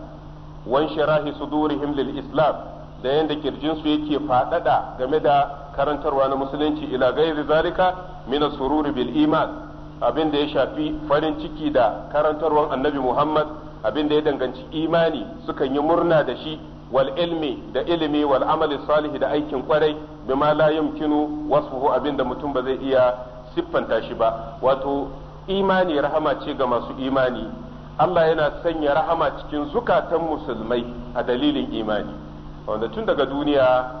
wan sharahi sudurihim lil islam da yanda kirjinsu yake faɗaɗa game da karantarwa na musulunci ila gairi zalika min sururi bil iman abin da ya shafi farin ciki da karantarwar annabi Muhammad abin da ya danganci imani sukan yi murna da shi wal ilmi da ilimi wal amali salihi da aikin kwarai bima la yumkinu wasfuhu abin da mutum ba zai iya siffanta shi ba wato imani rahama ce ga masu imani Allah yana sanya rahama cikin zukatan musulmai a dalilin imani wanda tun daga duniya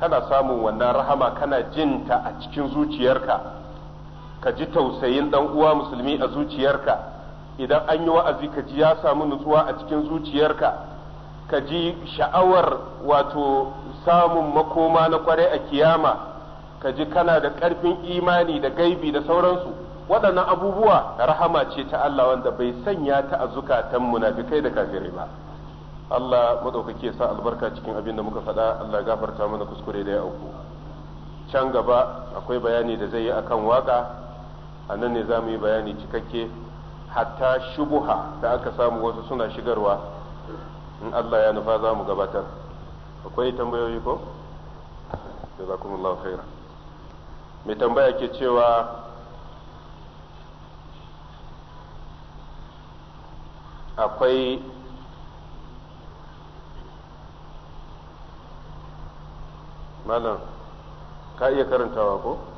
kana samun wannan rahama kana jinta a cikin zuciyarka ka ji tausayin dan uwa musulmi a zuciyarka idan an yi wa'azi ka ji ya samu nutsuwa a cikin zuciyarka ka ji sha'awar wato samun makoma na kwarai a kiyama ka ji kana da ƙarfin imani da gaibi da sauransu waɗannan abubuwa rahama ce ta Allah wanda bai sanya ta a zukatan munafikai da kafirai ba Allah madaukake sa albarka cikin abin da muka faɗa Allah gafarta mana kuskure da ya auku can gaba akwai bayani da zai yi akan waka a nan ne za mu yi bayani cikakke hatta shubuha da aka samu wasu suna shigarwa in Allah ya nufa za mu gabatar akwai tambayoyi ko? jazakumullahu khaira mai tambaya ke cewa akwai malam ka iya karantawa ko?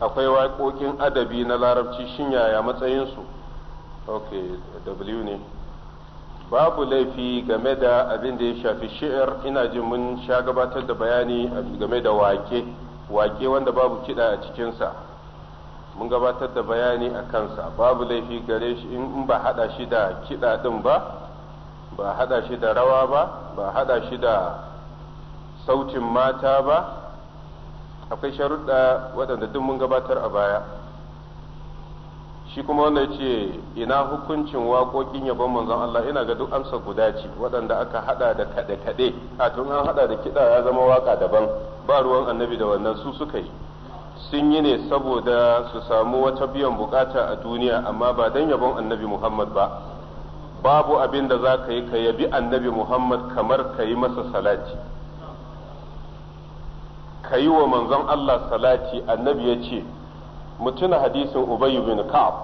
akwai waƙoƙin adabi na larabci shin yaya matsayinsu ok w ne babu laifi game da abin da ya shafi shi'ar ina jin mun sha gabatar da bayani game da wake wake wanda babu kiɗa a cikinsa mun gabatar da bayani a kansa babu laifi gare shi in ba haɗa shi da kiɗa ɗin ba ba haɗa shi da rawa ba ba haɗa shi da sautin mata ba akwai sharuɗa waɗanda duk mun gabatar a baya shi kuma wanda ce ina hukuncin waƙoƙin yabon manzon Allah ina ga duk amsa guda ce waɗanda aka haɗa da kaɗe-kaɗe a tun an haɗa da kiɗa ya zama waƙa daban ba ruwan annabi da wannan su suka yi sun yi ne saboda su samu wata biyan bukata a duniya amma ba dan yabon annabi Muhammad ba babu abin da za ka yi ka yabi annabi Muhammad kamar ka yi masa salati ka yi wa manzon Allah salati annabi ya ce mutuna hadisin Ubayy bin Ka'ab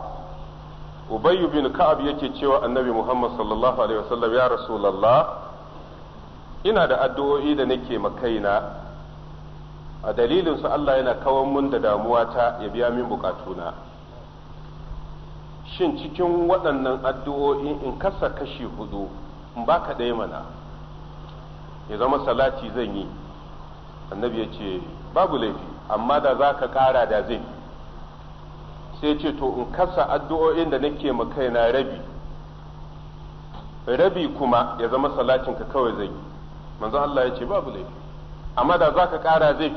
Ubayy bin Ka'ab yake cewa annabi Muhammad sallallahu alaihi wasallam ya Rasulullah ina da addu'o'i da nake makaina a dalilin su Allah yana kawan mun da damuwa ta ya biya min bukatuna shin cikin waɗannan addu'o'i in kasa kashi hudu in baka ɗaya mana ya zama salati zan yi annabi ya ce babu laifi amma da za ka kara da zai sai ce to in kasa addu'o'in da nake ma kaina rabi rabi kuma ya zama salatin ka kawai zai manzo Allah ya ce babu laifi amma da za ka kara zai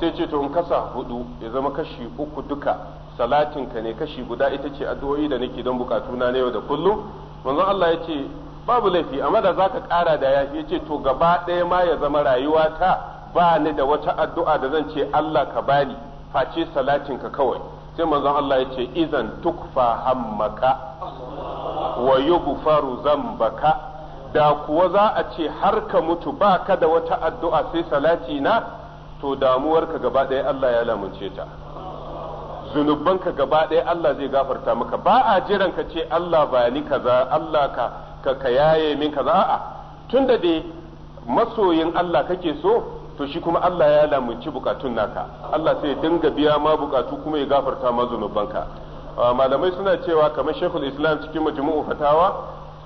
sai ce to in kasa hudu ya zama kashi uku duka salatin ka ne kashi guda ita ce addu'o'i da nake don bukatuna na yau da kullum manzo Allah ya ce babu laifi amma da za ka kara da yafi ya ce to gaba ɗaya ma ya zama rayuwa ta ba ni da wata addu'a da zan ce Allah ka bani face salatin ka kawai sai manzon Allah ya ce izan tukfa hammaka wa yughfaru zambaka da kuwa za a ce har ka mutu ba ka da wata addu'a sai salati na to damuwarka gaba ɗaya Allah ya lamunce ta zunubanka gaba ɗaya Allah zai gafarta maka ba a jiran ka ce Allah ba ni kaza Allah ka ka, ka min kaza a'a tunda dai masoyin Allah kake so to shi kuma Allah ya lamunci bukatun naka Allah sai ya dinga biya ma bukatu kuma ya gafarta ma zunubanka ah, malamai suna cewa kamar Sheikhul Islam cikin majmu'u fatawa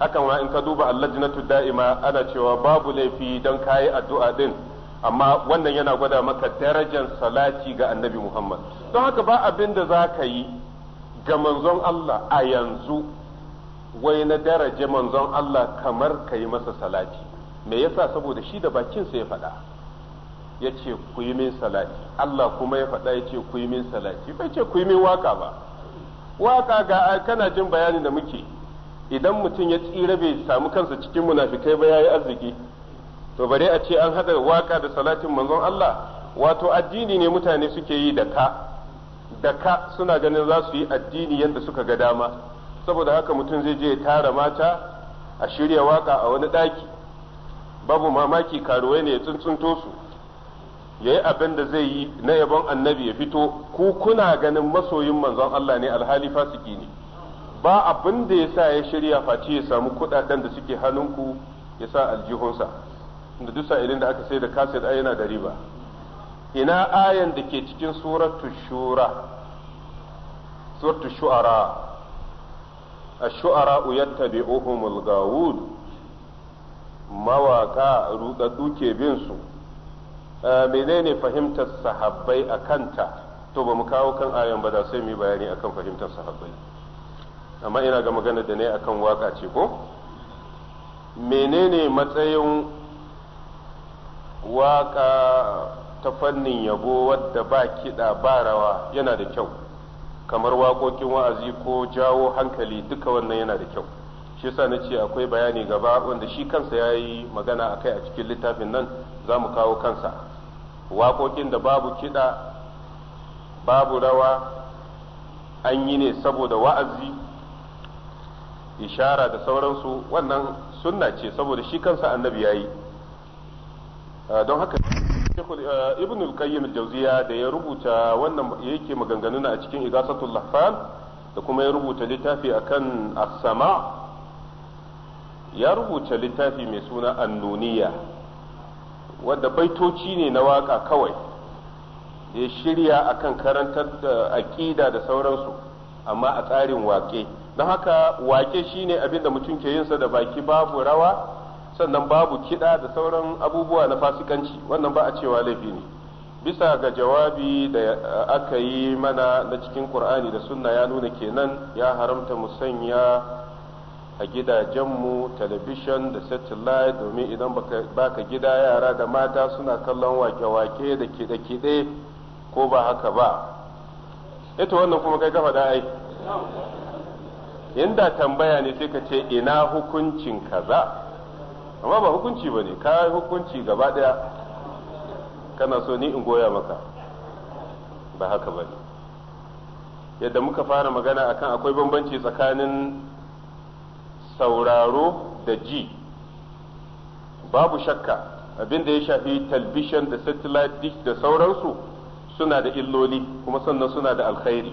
hakan ma in ka duba allajnatu da'ima ana cewa babu laifi don kayi addu'a din amma wannan yana gwada maka darajar salati ga annabi Muhammad don haka ba abin da za ka yi ga manzon Allah a yanzu wai na daraja manzon Allah kamar ka yi masa salati me yasa saboda shi da bakinsa ya faɗa ya ce ku yi min salati Allah kuma ya faɗa ya ce ku yi min salati bai ce ku yi min waka ba waka ga kana jin bayani da muke idan mutum ya tsira bai samu kansa cikin munafikai ba yayi arziki to bare a ce an haɗa waka da salatin manzon Allah wato addini ne mutane suke yi da ka da ka suna ganin za su yi addini yadda suka ga dama saboda haka mutum zai je ya tara mata a shirya waka a wani ɗaki babu mamaki karuwai ne ya tsuntsunto su yayi abin da zai yi na yabon annabi ya fito ku kuna ganin masoyin manzon Allah ne alhali fasiki ne ba abin da ya sa ya shirya face ya samu kudaden da suke hannunku ya sa aljihunsa da duk sa'ilin da aka sai da kaset ai yana da riba ina ayan da ke cikin suratu shura suratu shu'ara ash-shu'ara yattabi'uhumul gawud mawaka rudaddu ke bin su Eh, menene fahimtar sahabbai a kanta to ba mu kawo kan ayan ba da sai mu yi bayani akan fahimtar sahabbai amma ina ga magana da ne akan waka ce ko menene matsayin waka ta fannin yabo wadda ba kiɗa ba rawa yana da kyau kamar waƙoƙin wa'azi ko jawo hankali duka wannan yana da kyau shi yasa na ce akwai bayani gaba wanda shi kansa ya yi magana akai a cikin littafin nan za mu kawo kansa waƙoƙin da babu kiɗa babu rawa an yi ne saboda wa'azi ishara da sauransu wannan sunna ce saboda shi kansa annabi ya yi ah, don haka ah, ibn al-qayyim al-jawziya da ya rubuta wannan yake maganganuna a cikin igasatul lahfal da kuma ya rubuta littafi akan as-sama ya rubuta littafi mai suna annuniya wanda baitoci ne na waka kawai ya shirya akan karantar da aƙida da sauransu amma a tsarin wake don haka waƙe shine abinda mutum ke yinsa da baki babu rawa sannan babu kiɗa da sauran abubuwa na fasikanci wannan ba a cewa laifi ne bisa ga jawabi da aka yi mana na cikin ƙur'ani da sunna ya nuna kenan ya haramta musanya a gidajenmu talabishin da satellite domin idan baka gida yara da mata suna kallon wake-wake da kide-kide ko ba haka ba ita wannan kuma kai gama da ai inda tambaya ne sai ka ce ina hukuncin kaza amma ba hukunci ba ne kawai hukunci gaba daya kana so ni in goya maka ba haka ba ne yadda muka fara magana akan akwai bambanci tsakanin sauraro da ji babu shakka abinda ya shafi talbishan da satellite dish da sauransu suna da illoli kuma sannan suna da alkhairi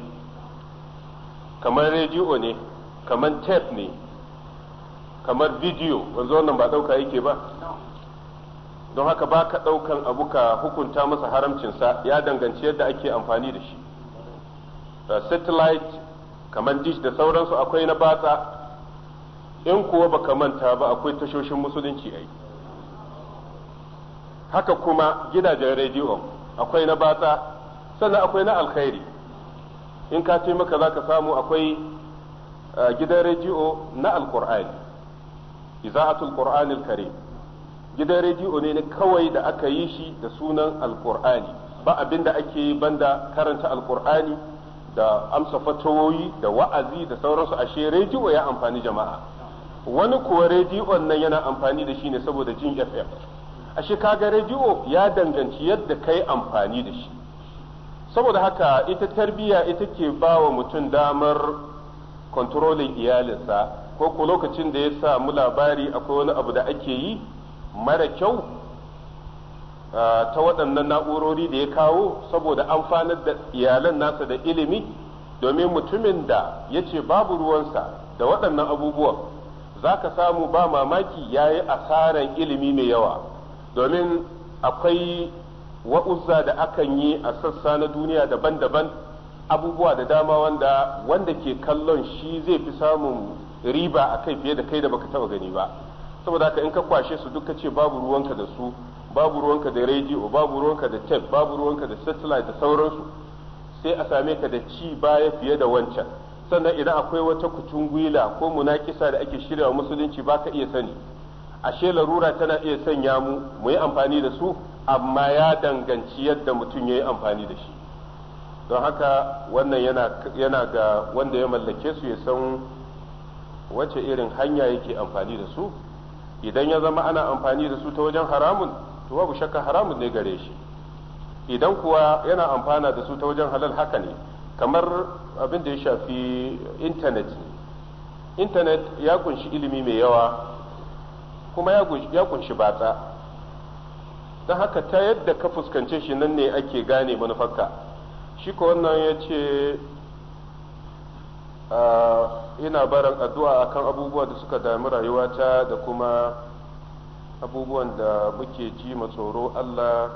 kamar rediyo ne kamar tape ne kamar bidiyo wanzu wannan ba ɗauka yake ba don haka ba ka daukan abu ka hukunta masa haramcinsa ya danganci yadda ake amfani da shi satellite kamar dish da sauransu akwai na batsa in kuwa baka manta ba akwai tashoshin musulunci ai haka kuma gidajen rediyo akwai na batsa sannan akwai na alkhairi in ka ce maka za ka samu akwai eh, gidan rediyo na alkur'ani iza'atul karim gidan rediyo ne kawai da aka yi shi da sunan alkur'ani ba abin ake yi banda karanta alkur'ani da amsa fatawoyi da wa'azi da sauransu ashe rediyo ya amfani jama'a wani kuwa rediyon nan yana amfani da shi ne saboda jin FM ashe kaga rediyo ya danganci yadda kai amfani da shi saboda haka ita tarbiyya ita ke ba wa mutum damar kontrolin iyalinsa ko ku lokacin da ya samu labari akwai wani abu da ake yi mara kyau ta waɗannan na'urori da ya kawo saboda amfanar da iyalan nasa da ilimi domin mutumin da ya ce babu ruwansa da waɗannan abubuwan za ka samu ba mamaki ya yayi asaran ilimi mai yawa domin akwai wa'uzza da akan yi a sassa na duniya daban-daban abubuwa da dama wanda wanda ke kallon shi zai fi samun riba a kai fiye da kai da baka taba gani ba saboda haka in ka kwashe su duka ce babu ruwanka da su babu ruwanka da rediyo babu ruwanka da tape babu ruwanka da satellite da sauransu sai a same ka da ci baya fiye da wancan sannan idan akwai wata kucungwila ko munakisa da ake shirya musulunci ba ka iya sani ashe larura tana iya sanya mu mu yi amfani da su amma ya danganci yadda mutum ya yi amfani da shi don haka wannan yana ga wanda ya mallake su ya san wace irin hanya yake amfani da su idan ya zama ana amfani da su ta wajen haramun to babu shakka haramun ne gare shi idan kuwa yana amfana da su ta wajen halal haka ne kamar abin da ya shafi intanet ne intanet ya kunshi ilimi mai yawa kuma ya kunshi batsa don haka ta yadda ka fuskance shi nan ne ake gane manufarka shi ko wannan ya ce ah, ina barin addu'a kan abubuwa da suka dami rayuwata da kuma abubuwan da muke ji tsoro Allah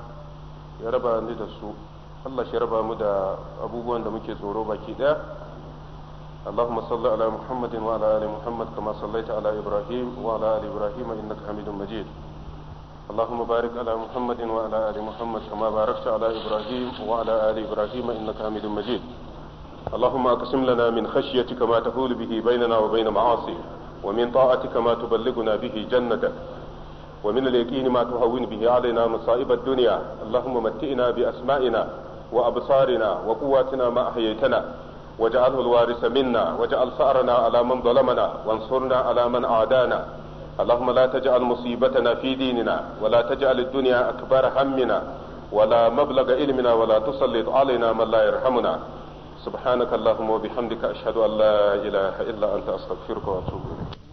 ya raba ni da su Allah shi raba mu da abubuwan da muke tsoro baki daya اللهم صل على محمد وعلى ال محمد كما صليت على ابراهيم وعلى ال ابراهيم انك حميد مجيد اللهم بارك على محمد وعلى ال محمد كما باركت على ابراهيم وعلى ال ابراهيم انك حميد مجيد اللهم اقسم لنا من خشيتك ما تحول به بيننا وبين معاصيك ومن طاعتك ما تبلغنا به جنتك ومن اليقين ما تهون به علينا مصائب الدنيا اللهم متئنا باسمائنا وأبصارنا وقواتنا ما أحييتنا واجعله الوارث منا واجعل ثأرنا على من ظلمنا وانصرنا على من عادانا اللهم لا تجعل مصيبتنا في ديننا ولا تجعل الدنيا أكبر همنا ولا مبلغ علمنا ولا تسلط علينا من لا يرحمنا سبحانك اللهم وبحمدك أشهد أن لا إله إلا أنت أستغفرك وأتوب إليك